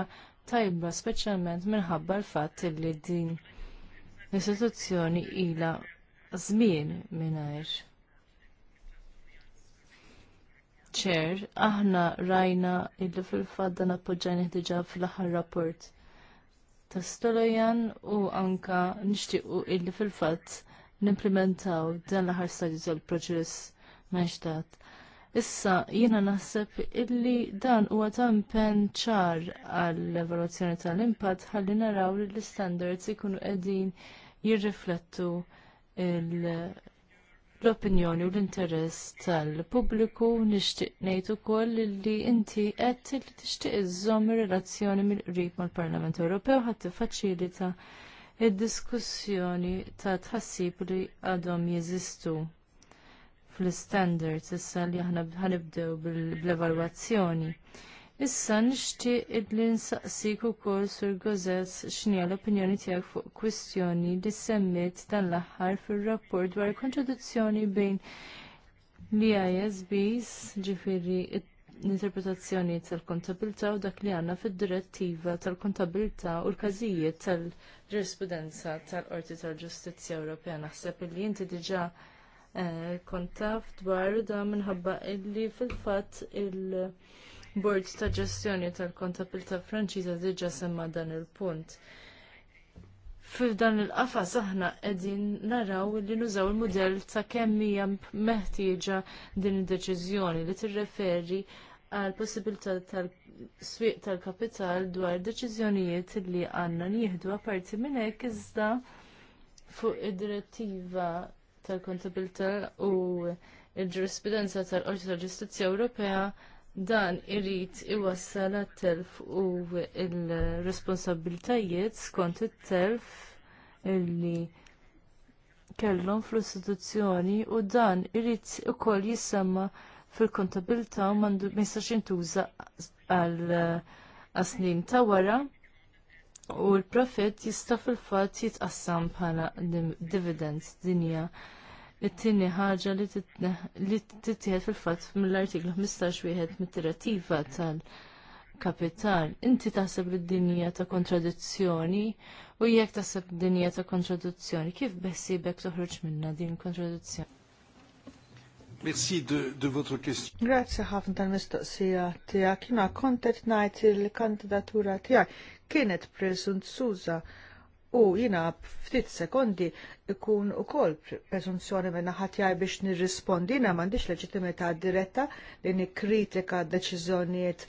tajba speċjalment minħabba l-fatt li din l-istituzzjoni ilha żmien mingħajr. ċer, aħna rajna illi fil-fadda nappoġġani diġà fl-aħħar rapport ta' Stolojan u anka nixtiequ illi fil-fatt nimplementaw dan l-aħħar stadju tal-proċess meġdat. Issa jiena naħseb illi dan huwa tampen ċar għall-evoluzzjoni tal-impatt ħalli naraw li l-standards ikunu qegħdin jirriflettu l-opinjoni u l-interess tal-pubbliku nixtieq ngħid ukoll li inti qed li tixtieq iżżomm ir-relazzjoni mill-qrib mal-Parlament Ewropew ħadd tiffaċilita id-diskussjoni ta' tħassib li għadhom jeżistu fl-standards issa li aħna ħanibdew bl-evalwazzjoni. Issa nixtieq li nsaqsik ukoll sur Gozes x'inhi l-opinjoni tiegħek fuq kwistjoni li semmit dan l-aħħar fir-rapport dwar kontradizzjoni bejn li ISBs ġifieri l-interpretazzjoni tal-kontabilta u dak li għandna fid-direttiva tal-kontabilta u l-każijiet tal-ġurisprudenza tal-Qorti tal-Ġustizzja Ewropea naħseb li inti diġà Eh, kont taf dwar da minħabba illi fil-fatt il-Bord ta' ġestjoni tal-Kontabilta Franċiża diġà semma dan il-punt. F'dan il-qafas aħna qegħdin naraw li nużaw il-mudell ta' kemm hija meħtieġa din id-deċiżjoni li tirreferi għal possibilità tal-swieq tal-kapital dwar deċiżjonijiet li għandna nieħdu apparti minn hekk iżda fuq id-direttiva tal-kontabilta u il-ġurisprudenza tal-Qorti tal-Ġustizzja Ewropea dan irrit iwassal għat-telf u il-responsabiltajiet skont it-telf illi kellhom fl-istituzzjoni u dan irid ukoll jissemma fil-kontabilta u mandu ma jistax jintuża għal snin ta' wara u l-profit jista' fil-fatt jitqassam bħala dividends dinja it-tini ħaġa li tittieħed fil-fatt mill-artiklu 15 wieħed mit-direttiva tal-kapital. Inti taħseb li d-dinja ta' kontradizzjoni u jekk taħseb d-dinja ta' kontradizzjoni, kif bessibek toħroġ minna din kontradizzjoni? Merci de, de votre question. Grazie ħafna tal-mistoqsija tiegħek. Jina kontet ngħid il-kandidatura tiegħek kienet presunt suża u jina ftit sekondi ikun ukoll presunzjoni minna ħatjaj biex nirrispondi jina mandiċ leġittimità diretta li nikkritika deċiżjonijiet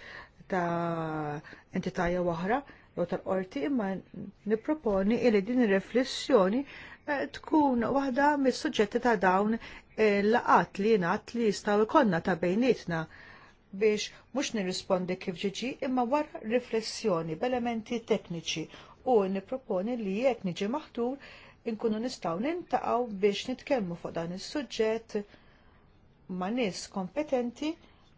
ta' entità wahra oħra jew tal-qorti imma nipproponi li din ir-riflessjoni eh, tkun waħda mis-suġġetti ta' dawn laqat li jingħat li jistgħu jkollna ta' bejnietna biex mhux nirrispondi kif ġiġi imma wara riflessjoni b'elementi tekniċi u nipproponi li jekk niġi maħtur inkunu nistgħu nintaqaw biex nitkellmu fuq dan is-suġġett ma' nies kompetenti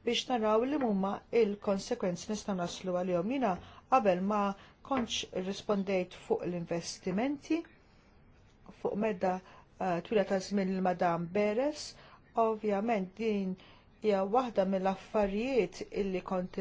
biex naraw li mumma il-konsekwenzi nistgħu naslu għalihom. Jiena qabel ma kontx rispondejt fuq l-investimenti fuq medda eh, twila ta' żmien il madam Beres, ovvjament din hija waħda mill-affarijiet illi kont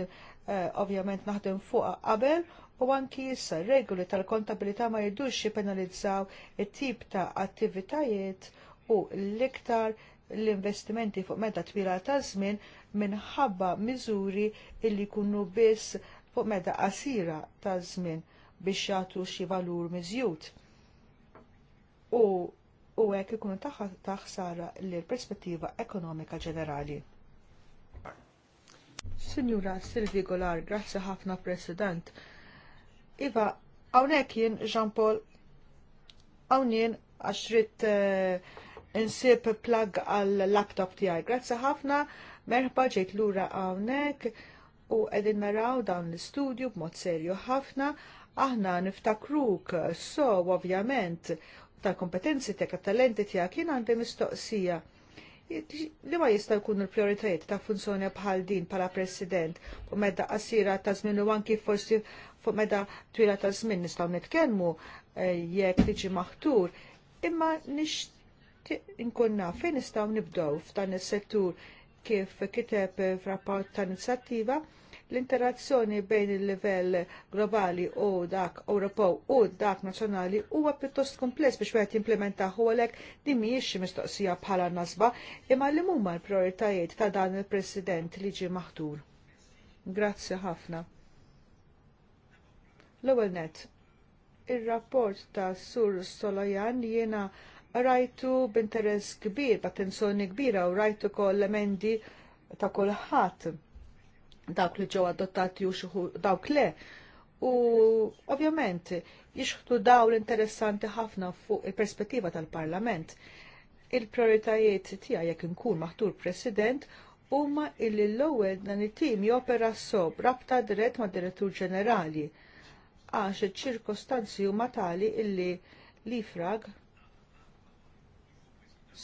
Eh, ovvjament naħdem fuq qabel u anki issa regoli tal-kontabilità ma jidux jipenalizzaw it-tip ta' attivitajiet u l-iktar l-investimenti fuq meta twila ta' żmien minħabba miżuri illi jkunu biss fuq medda qasira ta' żmien biex jagħtu xi valur miżjud. U u hekk ikunu taħsara l-perspettiva ekonomika ġenerali. Signora Silvi Golar, grazzi ħafna President. Iva, għawnek jien Jean-Paul, għawnien għaxrit eh, insib plug għal laptop tijaj. Grazzi ħafna, merħba ġejt lura għawnek u Edin naraw dawn l-studio b'mod serju ħafna. Aħna niftakruk, so ovvjament, tal-kompetenzi tijak, tal-talenti tijak, jien għandi mistoqsija li ma jista' jkun l-prioritajiet ta' funzjoni bħal din bħala president u medda qasira ta' żmien u anki forsi fuq medda twila ta' żmien nistgħu nitkellmu eh, jekk tiġi maħtur, imma nixtieq inkun naf fejn nistgħu nibdew f'dan is-settur kif kiteb eh, f'rapport ta' inizjattiva L-interazzjoni bejn il-livell globali u dak Ewropew u dak nazzjonali huwa pjuttost kompless biex wieħed jimplementa ħolek din mhijiex xi mistoqsija bħala nasba imma li huma l-prioritajiet ta' dan il-President li ġie maħtur. Grazzi ħafna. L-ewwel net, ir-rapport ta' Sur Solojan jiena rajtu b'interess kbir, b'attenzjoni kbira u rajtu kol emendi ta' kulħadd dawk li ġew adottati u xuħu dawk le. U ovvjament jixħtu daw l-interessanti ħafna fuq il-perspettiva tal-Parlament. Il-prioritajiet tiegħi jekk nkun maħtur President huma illi l-ewwel dan it-tim jopera sob rabta dirett ma' Direttur Ġenerali għax iċ-ċirkostanzi huma tali illi l-ifrag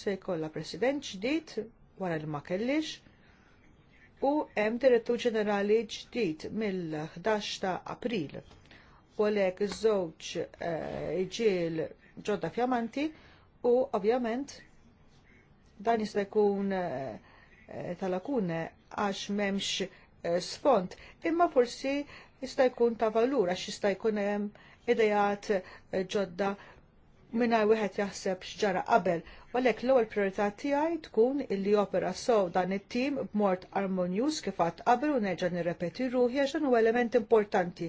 se jkollha President ġdid wara li ma kellix u hemm direttur ġenerali ġdid mill-11 ta' April. U għalhekk iż-żewġ eh, ġiel ġodda fjamanti u ovvjament dan jista' jkun eh, tal-akune għax m'hemmx eh, sfond, imma forsi jista' jkun ta' valur għax jista' jkun hemm idejat ġodda minna wieħed jaħseb x'ġara qabel għalek għalhekk l-ewwel priorità tiegħi tkun illi opera sew dan it-tim b'mod armonjuż kif qatt qabel u nerġa' nirrepeti ruħi għax huwa element importanti.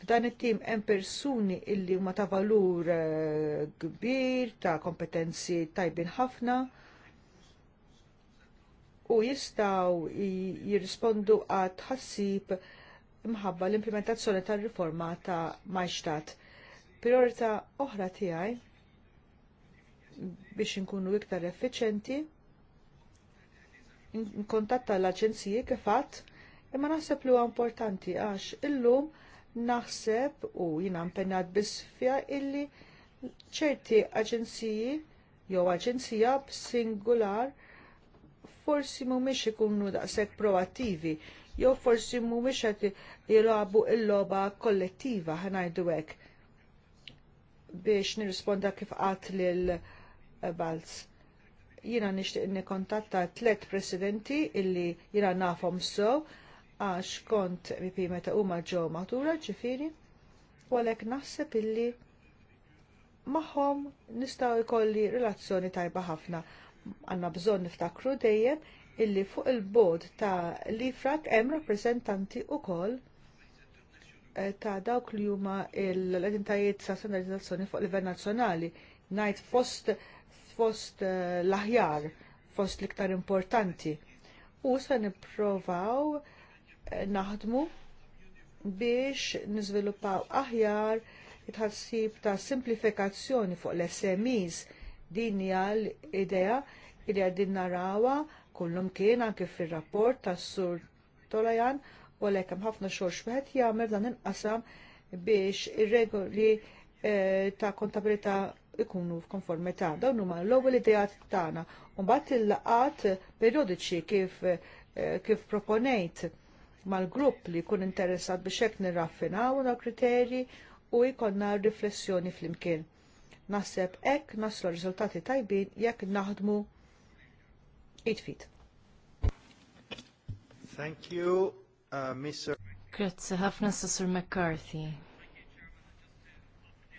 F'dan it-tim hemm persuni illi huma ta' valur eh, kbir, ta' kompetenzi tajbin ħafna u jistaw jirrispondu għad ħassib imħabba l-implementazzjoni tar riforma ta' Majstat. Priorità oħra tiegħi biex inkunu iktar effiċenti nkontatta l-aġenziji kif għadd, imma naħseb li huwa importanti għax illum naħseb u jina biss bisfja illi ċerti aġenziji jew aġenzija b'singular forsi mhumiex ikunu daqshekk proattivi jew forsi mhumiex qed jilagħbu l-logħba kollettiva ħanajdu hekk biex nirrisponda kif qatt lil Balz. Jiena nixtieq kontatta tliet presidenti illi jina nafhom so, għax kont MP meta huma ġew matura ġifiri, u għalhekk naħseb illi magħhom nistgħu ikolli relazzjoni tajba ħafna. Għanna bżonn niftakru dejjem illi fuq il-bod ta' l-ifrak hemm rappreżentanti wkoll eh, ta' dawk li huma l edintajiet sa standardizzazzjoni fuq livell nazzjonali ngħid fost fost eh, l-aħjar, fost l-iktar importanti. U se nipprovaw eh, naħdmu biex niżviluppaw aħjar it-ħassib ta' simplifikazzjoni fuq l-SMEs din hija l-idea li għaddin narawa kullum kien anke fir-rapport tas sur Tolajan u l hemm ħafna xogħol xwieħed jagħmel dan inqasam biex ir-regoli eh, ta' kontabilità ikunu f'konformità. Dawn huma l-ewwel ideat tagħna u mbagħad il-laqat periodiċi kif eh, kif proponejt mal-grupp li jkun interessat biex hekk nirraffinaw na kriterji u jkollna riflessjoni flimkien. Naħseb hekk naslu riżultati tajbin jekk naħdmu it-fit. Thank you, uh, Mr. Grazzi ħafna Sassur McCarthy.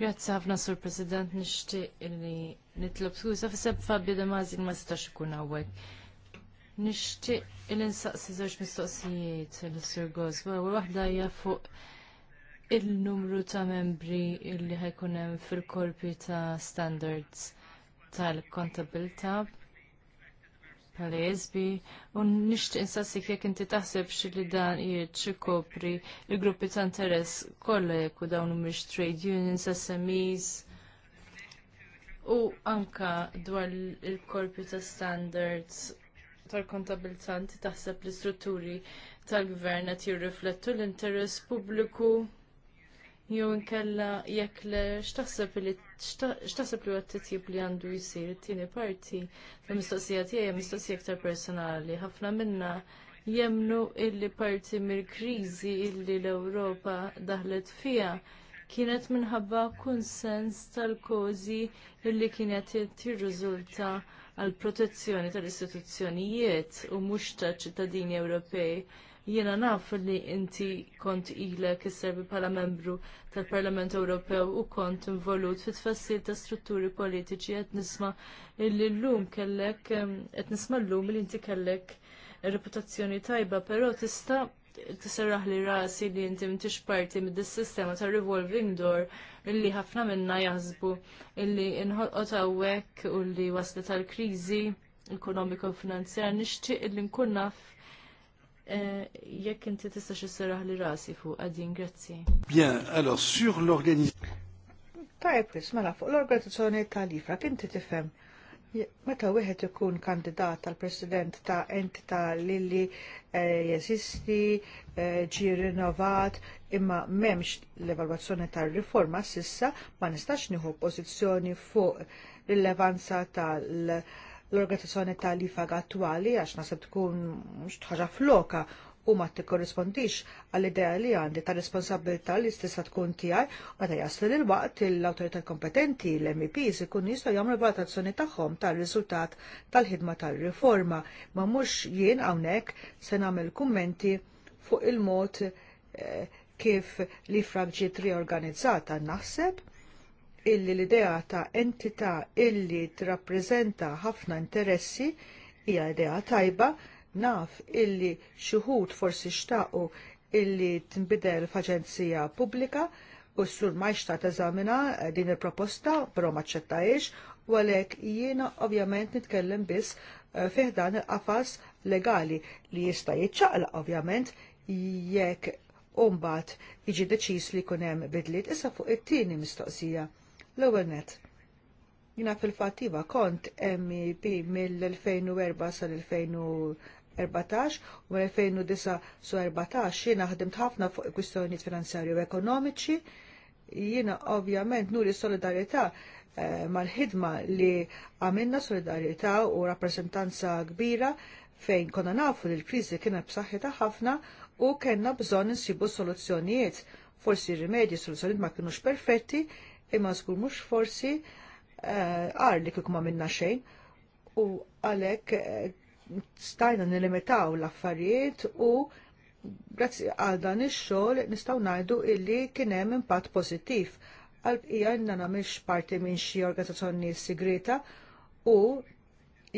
Grazzi ħafna sur President nixtieq li nitlob skuża f'iseb Fabio De Mażin ma setax ikun hawnhekk. Nixtieq illi nsaqsi żewġ mistoqsijiet il sur Goswa u waħda hija fuq il-numru ta' membri li ħajkun hemm fil-korpi ta' standards tal-kontabilta' tal Jesbi, u nixtieq insassik jekk inti taħsebx li dan qiegħed kopri l-gruppi ta' interess kollha jekk u dawn mhumiex trade unions, SMEs u anka dwar il-korpi ta' standards tal-kontabilità inti taħseb l-istrutturi tal-gvern qed jirriflettu l-interess pubbliku jew inkella jekk x'taħseb li x'taħseb li għat-titjib li għandu jsir it-tieni parti fil-mistoqsija tiegħi hija mistoqsija iktar personali. Ħafna minna jemnu illi parti mill-kriżi illi l-Ewropa daħlet fiha kienet minħabba kunsens tal-kozi illi kienet jirriżulta għall protezzjoni tal-istituzzjonijiet u mhux taċ ċittadini Ewropej Jiena naf li inti kont ilek isservi bħala membru tal-Parlament Ewropew u kont involut fit tfassil ta' strutturi politiċi qed nisma li llum kellek qed nisma llum li inti kellek reputazzjoni tajba, però tista' tisserraħ li rasi li inti mtix parti mid sistema ta' revolving door illi ħafna minna jaħsbu illi inħolqot għawek u li waslet tal kriżi ekonomika u finanzjar nixtieq illi nkun naf Eh, jekk inti tista' xi serraħ li rasi fuq għadin, grazzi. Bien, alors sur l'organizzazzjoni. Tajb wis, mela fuq l-organizzazzjoni tal-ifra inti tifhem meta wieħed ikun kandidat tal-president ta' entità lilli eh, jeżisti, eh, ġi rinnovat, imma m'hemmx l-evalwazzjoni tar-riforma sissa ma nistax nieħu pożizzjoni fuq rilevanza tal- l-organizzazzjoni tal-IFAG attwali għax nasib tkun mhux ħaġa floka u ma tikkorrispondix għall-idea li għandi ta' responsabilità li stessa tkun tiegħi u ta' jasli l waqt l-awtorità kompetenti l-MEPs ikun jistgħu jagħmlu valutazzjoni tagħhom tar-riżultat tal-ħidma tal-riforma ma mhux jien hawnhekk se nagħmel kummenti fuq il-mod eh, kif li fragġiet riorganizzata naħseb illi l-idea ta' entità illi trappreżenta ħafna interessi hija idea tajba naf illi wħud forsi xtaqu illi tinbidel f'aġenzija pubblika u s-sur maċta teżamina din il-proposta, però maċċettajx, u għalek jiena ovvjament nitkellem biss eh, fiħdan il-qafas legali li jista' jitċaqla ovvjament jekk umbat iġi deċis li kunem bidliet issa fuq it-tieni mistoqsija L-ewwel net. Jina fil-fattiva kont MEP mill-2004 sal-2014 u mill-2009 su 14 jina ħdimt ħafna fuq kwistjonijiet finanzjarji u ekonomiċi. Jina ovvjament nuri solidarjetà eh, mal-ħidma li għamilna solidarjetà u rappresentanza kbira fejn konna nafu li l-kriżi kienet b'saħħita ħafna u kellna bżonn insibu soluzzjonijiet forsi rimedji soluzzjonijiet ma kienux perfetti, imma żgur mhux forsi eh, għar li kieku ma minna xejn u għalhekk eh, stajna nilimitaw l-affarijiet u grazzi għal dan ix-xogħol nistgħu ngħidu illi kien hemm impatt pożittiv għal bqija inna nagħmilx parti minn xi organizzazzjoni segreta u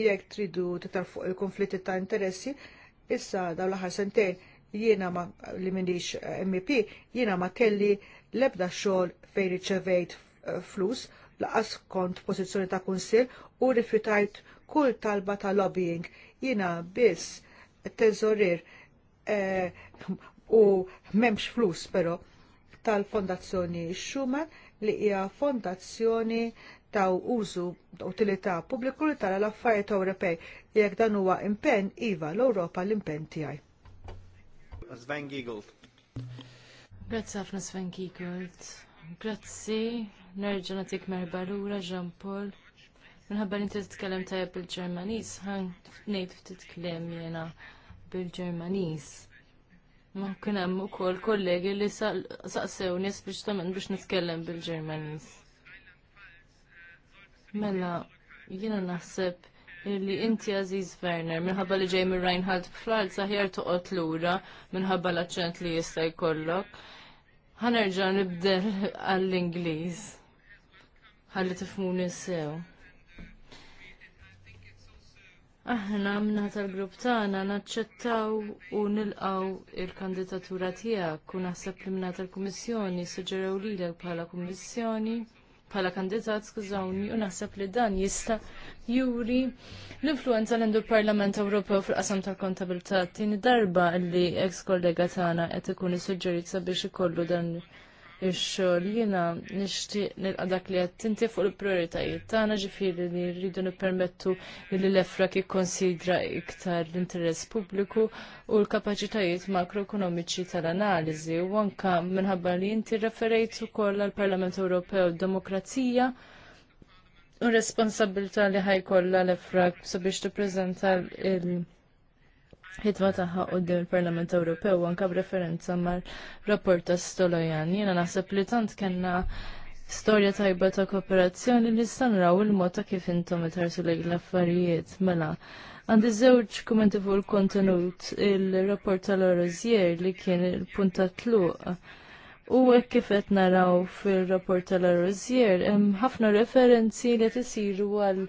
jekk tridu titar fuq il-konflitti ta' interessi, issa daw l-aħħar sentejn jiena ma li minix MP, jiena ma kelli l-ebda xogħol fejn riċevejt eh, flus laqas kont pożizzjoni ta' kunsill u rifjutajt kull talba ta' lobbying. Jiena biss teżorir eh, u memx flus però tal-Fondazzjoni Schumann li hija fondazzjoni ta' użu utilità pubbliku li tara l-affarijiet Ewropej jekk dan huwa impenn iva l-Ewropa l-impenn tiegħi. Grazzi ħafna Sven Kikurt. Grazzi, nerġa' nagħtik merba Jean Paul. Minħabba li inti titkellem tajjeb bil-Ġermaniż, ħan ngħid ftit kliem jiena bil-Ġermaniż. Ma kien hemm ukoll kollegi li saqsewni speċjalment biex nitkellem bil-Ġermaniż. Mela, jiena naħseb Illi inti Aziz Werner, minħabba li ġej minn Reinhard Pflal, saħjar toqgħod lura minħabba l-aċċent li jista' jkollok. Ħanerġa' nibdel għall-Ingliż. Ħalli tifhmuni sew. Aħna minna tal-grupp tagħna naċċettaw u nilqaw il-kandidatura tiegħek u naħseb li minna tal-Kummissjoni suġġeraw lilek bħala Kummissjoni bħala kandidat skużawni u naħseb li dan jista' juri l-influenza l-għandu l-Parlament Ewropew fil-qasam tal-kontabilità tieni darba li ex kollega tagħna qed ikun suġġerit sabiex ikollu dan ix-xogħol. Jiena nixtieq nilqa' dak li qed tinti fuq il-prioritajiet tagħna ġifieri li rridu nippermettu li l-efrak jikkonsidra iktar l-interess pubbliku u l-kapaċitajiet makroekonomiċi tal-analiżi u anke minħabba li inti referejt ukoll għall-Parlament Ewropew demokrazija u responsabilità li ħajkollha l-efrak sabiex tippreżenta il- ħidma taħħa qoddim il-Parlament Ewropew anka b'referenza mar-rapport ta' Stolojan. Jiena naħseb li tant kellna storja tajba ta' kooperazzjoni li stanraw il-mod ta' kif intom itħarsu lejn l-affarijiet mela. Għandi żewġ kumenti fuq il-kontenut il-rapport tal-Orozier li kien il-punta tluq U kif qed naraw fir-rapport tal arrozier hemm ħafna referenzi li tisiru għal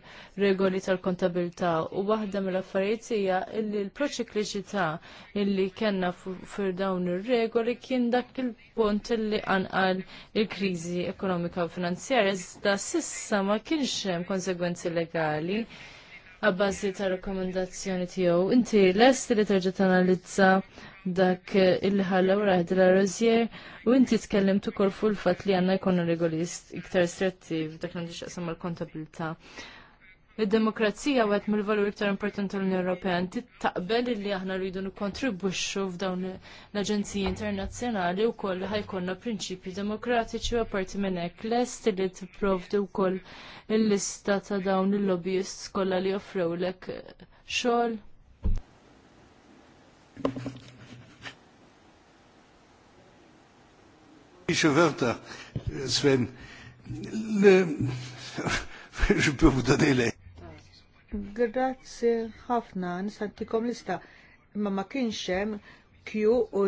regoli tal-kontabilità u waħda mill-affarijiet hija illi l-proċikliċità illi kellna fir dawn ir-regoli kien dak il-punt illi anqal il-kriżi ekonomika u finanzjarja iżda sissa ma kienx hemm konsegwenzi legali għabbażi ta' rekomendazzjoni tiegħu. Inti lest li terġa' tanalizza dak il ħallaw raħd la rozier u inti tkellem tukol fuq fat li għandna jkun regolist iktar stretti f'dak li għandix għasam mal-kontabilità. il demokrazija għet mill-valur iktar importanti l-Unjoni Ewropea inti taqbel li aħna rridu nikkontribwixxu f'dawn l-aġenziji internazzjonali wkoll li ħajkonna prinċipji demokratiċi u apparti minn hekk lest li tipprovdi wkoll il-lista ta' dawn il-lobbyists kollha li joffrewlek xogħol. Ische Wörter, äh, Sven. Le... Je peux vous donner les. Grazie ħafna, nisantikom lista. Ma ma kienxem kju u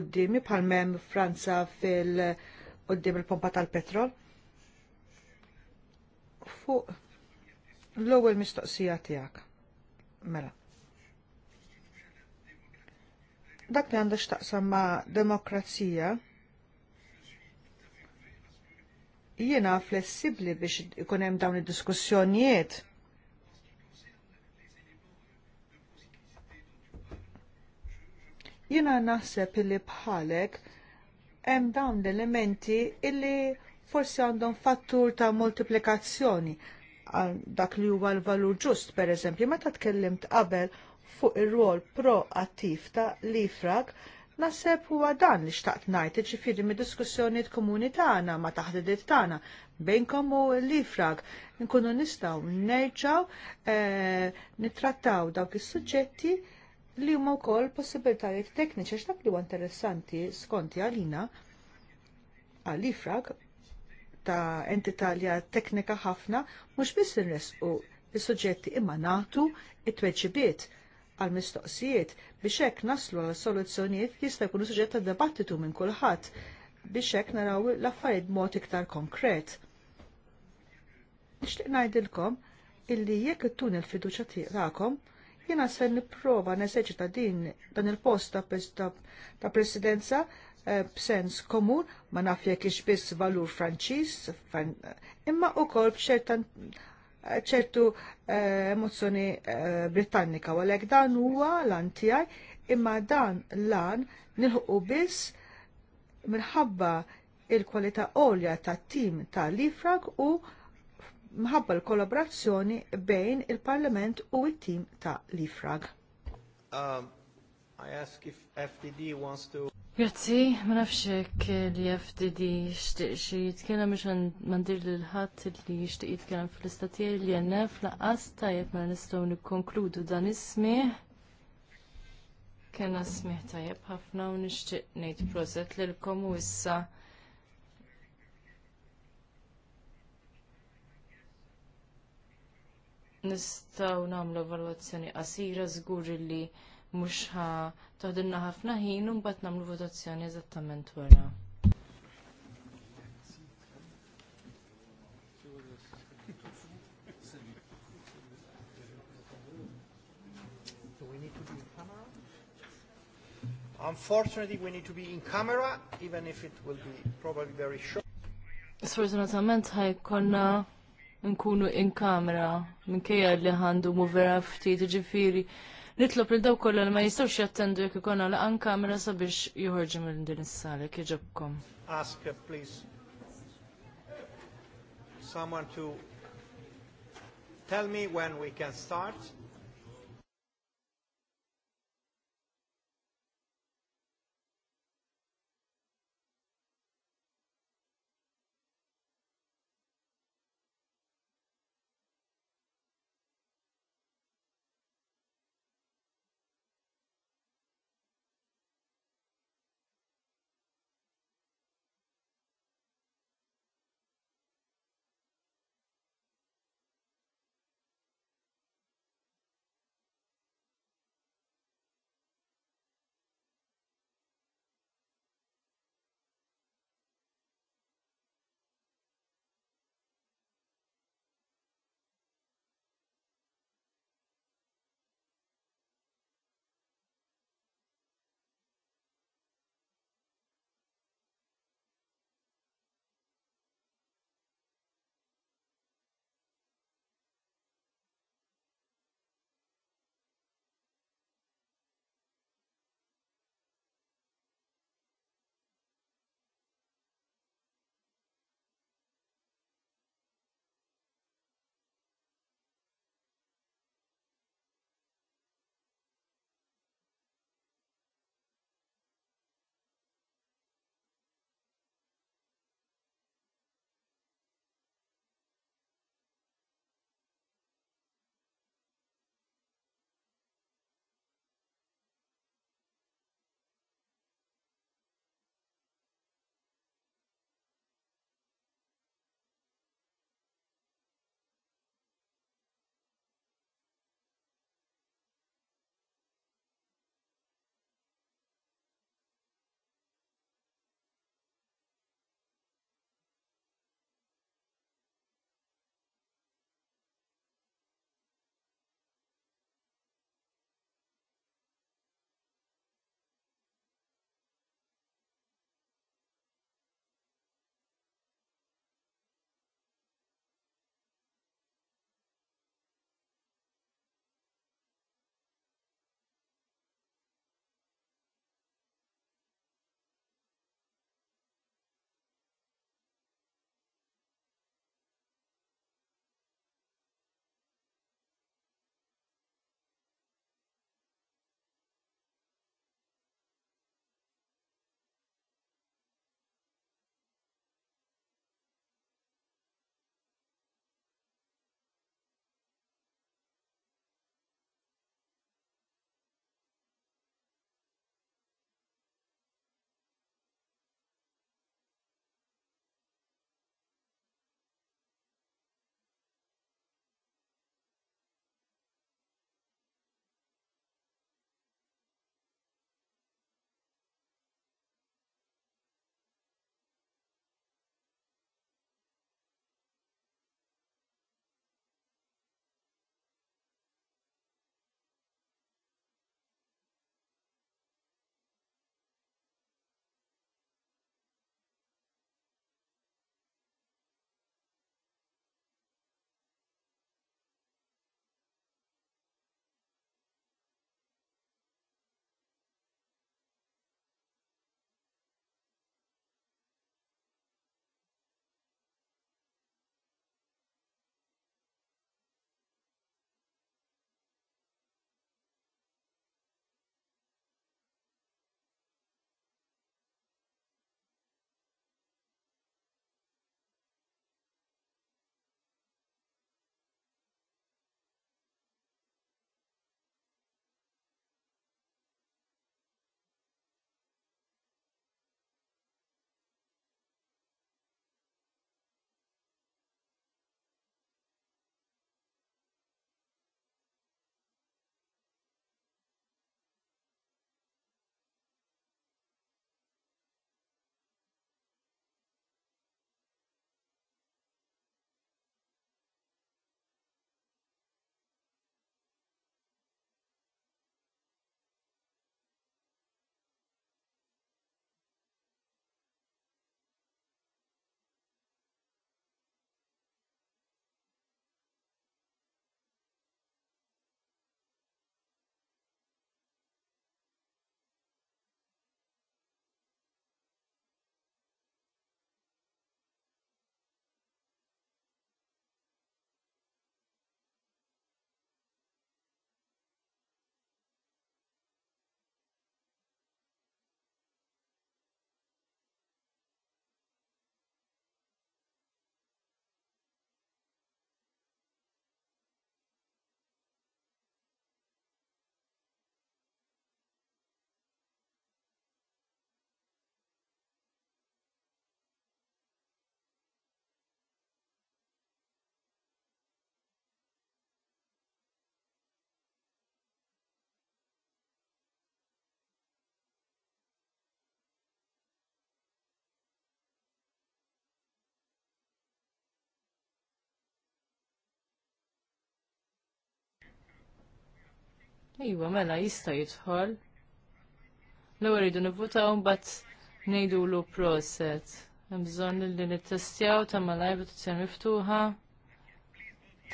d-dimi pal-mem Franza fil-qoddim il-pompa tal-petrol. Fuq l-ewwel mistoqsija tijak. Mela. Dak li għandha x'taqsam ma' demokrazija, jiena flessibli biex ikun hemm dawn id-diskussjonijiet. Jiena naħseb li bħalek hemm dawn l-elementi illi forsi għandhom fattur ta' multiplikazzjoni għal dak li huwa l-valur ġust, per eżempju, meta tkellimt qabel fuq ir-rol proattiv ta' l-ifrak, Nasseb huwa dan li xtaqt ngħid iġifieri mid-diskussjonijiet komuni tagħna ma' taħdidiet tagħna bejnkom u l-ifrag nkunu nistgħu nerġaw eh, nittrattaw dawk is-suġġetti li huma wkoll possibilitajiet tekniċi x'dak li huwa interessanti skonti għalina għal-ifrag ta' entità li teknika ħafna mhux biss inresqu is-suġġetti imma nagħtu it-tweġibiet għal mistoqsijiet biex hekk naslu għal soluzzjonijiet li jista' jkunu suġġett ta' dibattitu minn kulħadd biex hekk naraw l-affarijiet b'mod iktar konkret. Nixtieq ngħidilkom illi jekk ittun il-fiduċja tagħkom, jiena se nipprova neseċita din dan il-post ta' presidenza eh, b'sens komun ma naf jekk ix biss valur Franċiż imma wkoll b'xerta ċertu eh, emozzjoni eh, Britannika, u għalhekk dan huwa lan tiegħi imma dan lan nilħuqu biss minħabba il-kwalità għolja tat-tim ta' Lifrag u mħabba l-kollaborazzjoni bejn il-Parlament u it-tim ta' Lifrag. Um, I ask if FDD wants to Grazzi, ma nafxek li FDD xtieq xie jitkellem biex mandir l-ħat li xtiq jitkellem fil tiegħi li jennef laqas tajjeb ma mela nistgħu nikkonkludu dan ismiħ. Kena smih tajjeb ħafna u nixtieq ngħid prozett lilkom u issa nistgħu nagħmlu evalwazzjoni qasira żgur li mhux ħa toħdilna ħafna ħin u mbagħad nagħmlu votazzjoni eżattament wara. Unfortunately, we need to be in camera, even if it will be probably very short. Sfortunatament ħaj konna nkunu in kamera minkejja li għandu mu vera ftit ġifiri nitlob li dawk kollha li ma jistgħux jattendu jekk ikun għal kamera sabiex joħorġu minn din is-sala kieġobkom. jiġobkom. Ask uh, please someone to tell me when we can start. Iwa, mela, jista jidħol. L-ewwel rridu nivvutaw mbagħad ngħidulu proset. Hemm bżonn li nittestjaw ta' malaj votazzjoni miftuħa.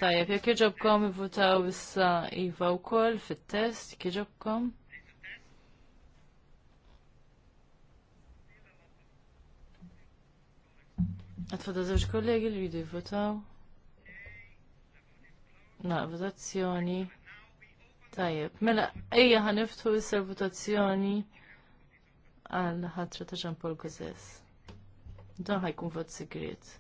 Tajjeb, jekk iġobkom ivvutaw issa iva wkoll fit-test, jek iġobkom. Għatfada zewġ kollegi li jridu jivvotaw. Na, votazzjoni. Tajjeb, mela, ejja ħaniftu s-servutazzjoni għal ħatra ta' Jean Paul Gozes. Dan ħajkun vot segret.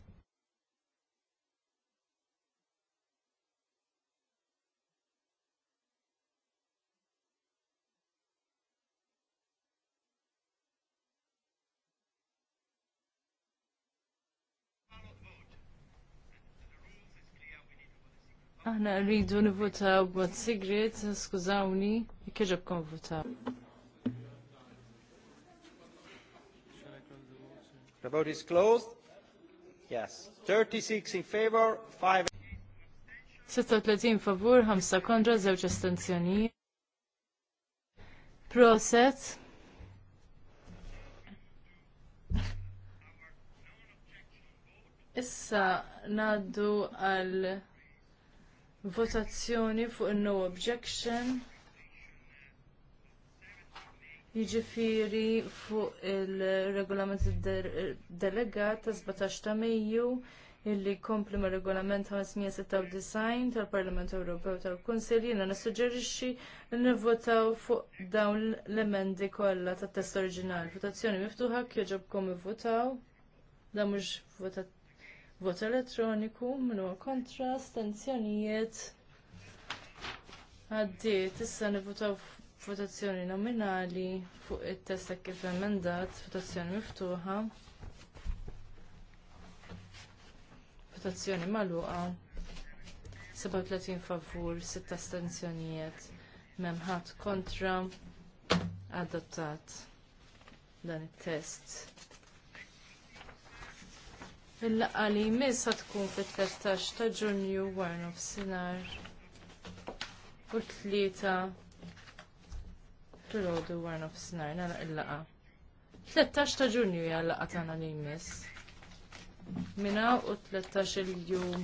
Aħna rridu nivvotaw b'mod sigret, skużawni, kieġobkom votaw. The vote is closed. Yes. 36 in favor, 5 36 favur, 5 kontra, 0 astenzjonijiet. Proset. Issa naddu għal votazzjoni fuq il-no objection. Jiġifieri fuq il-regolament delegat ta' 17 ta' Mejju illi kompli ma' regolament 596 tal-Parlament Ewropew tal-Kunsil jiena nissuġġerixxi li nivvotaw fuq dawn l-emendi kollha tat-test oriġinali. Votazzjoni miftuħa jogħġobkom ivvotaw. Dan mhux votat Vot elettroniku, minu kontra, stenzjonijiet. Għaddiet, issa nivvotaw votazzjoni nominali fuq it-testa kif emendat, votazzjoni miftuħa. Votazzjoni magħluqa. 37 favur, 6 stenzjonijiet. memħat kontra, adottat dan it-test. Il-laqqa li jmiss tkun fit-13 ta' ġunju warna f'sinar u t-tlieta fil-ħodu warna f'sinar nara il-laqqa. 13 ta' ġunju hija l-laqqa tagħna li jmiss. Mina u 13 il-jum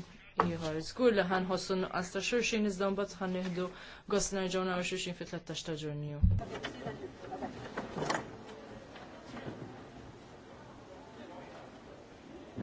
ieħor. Żgur li ħanħossu nuqqas ta' xulxin iżda mbagħad ħan nieħdu gost nerġgħu nagħmlu xulxin fit-13 ta' ġunju.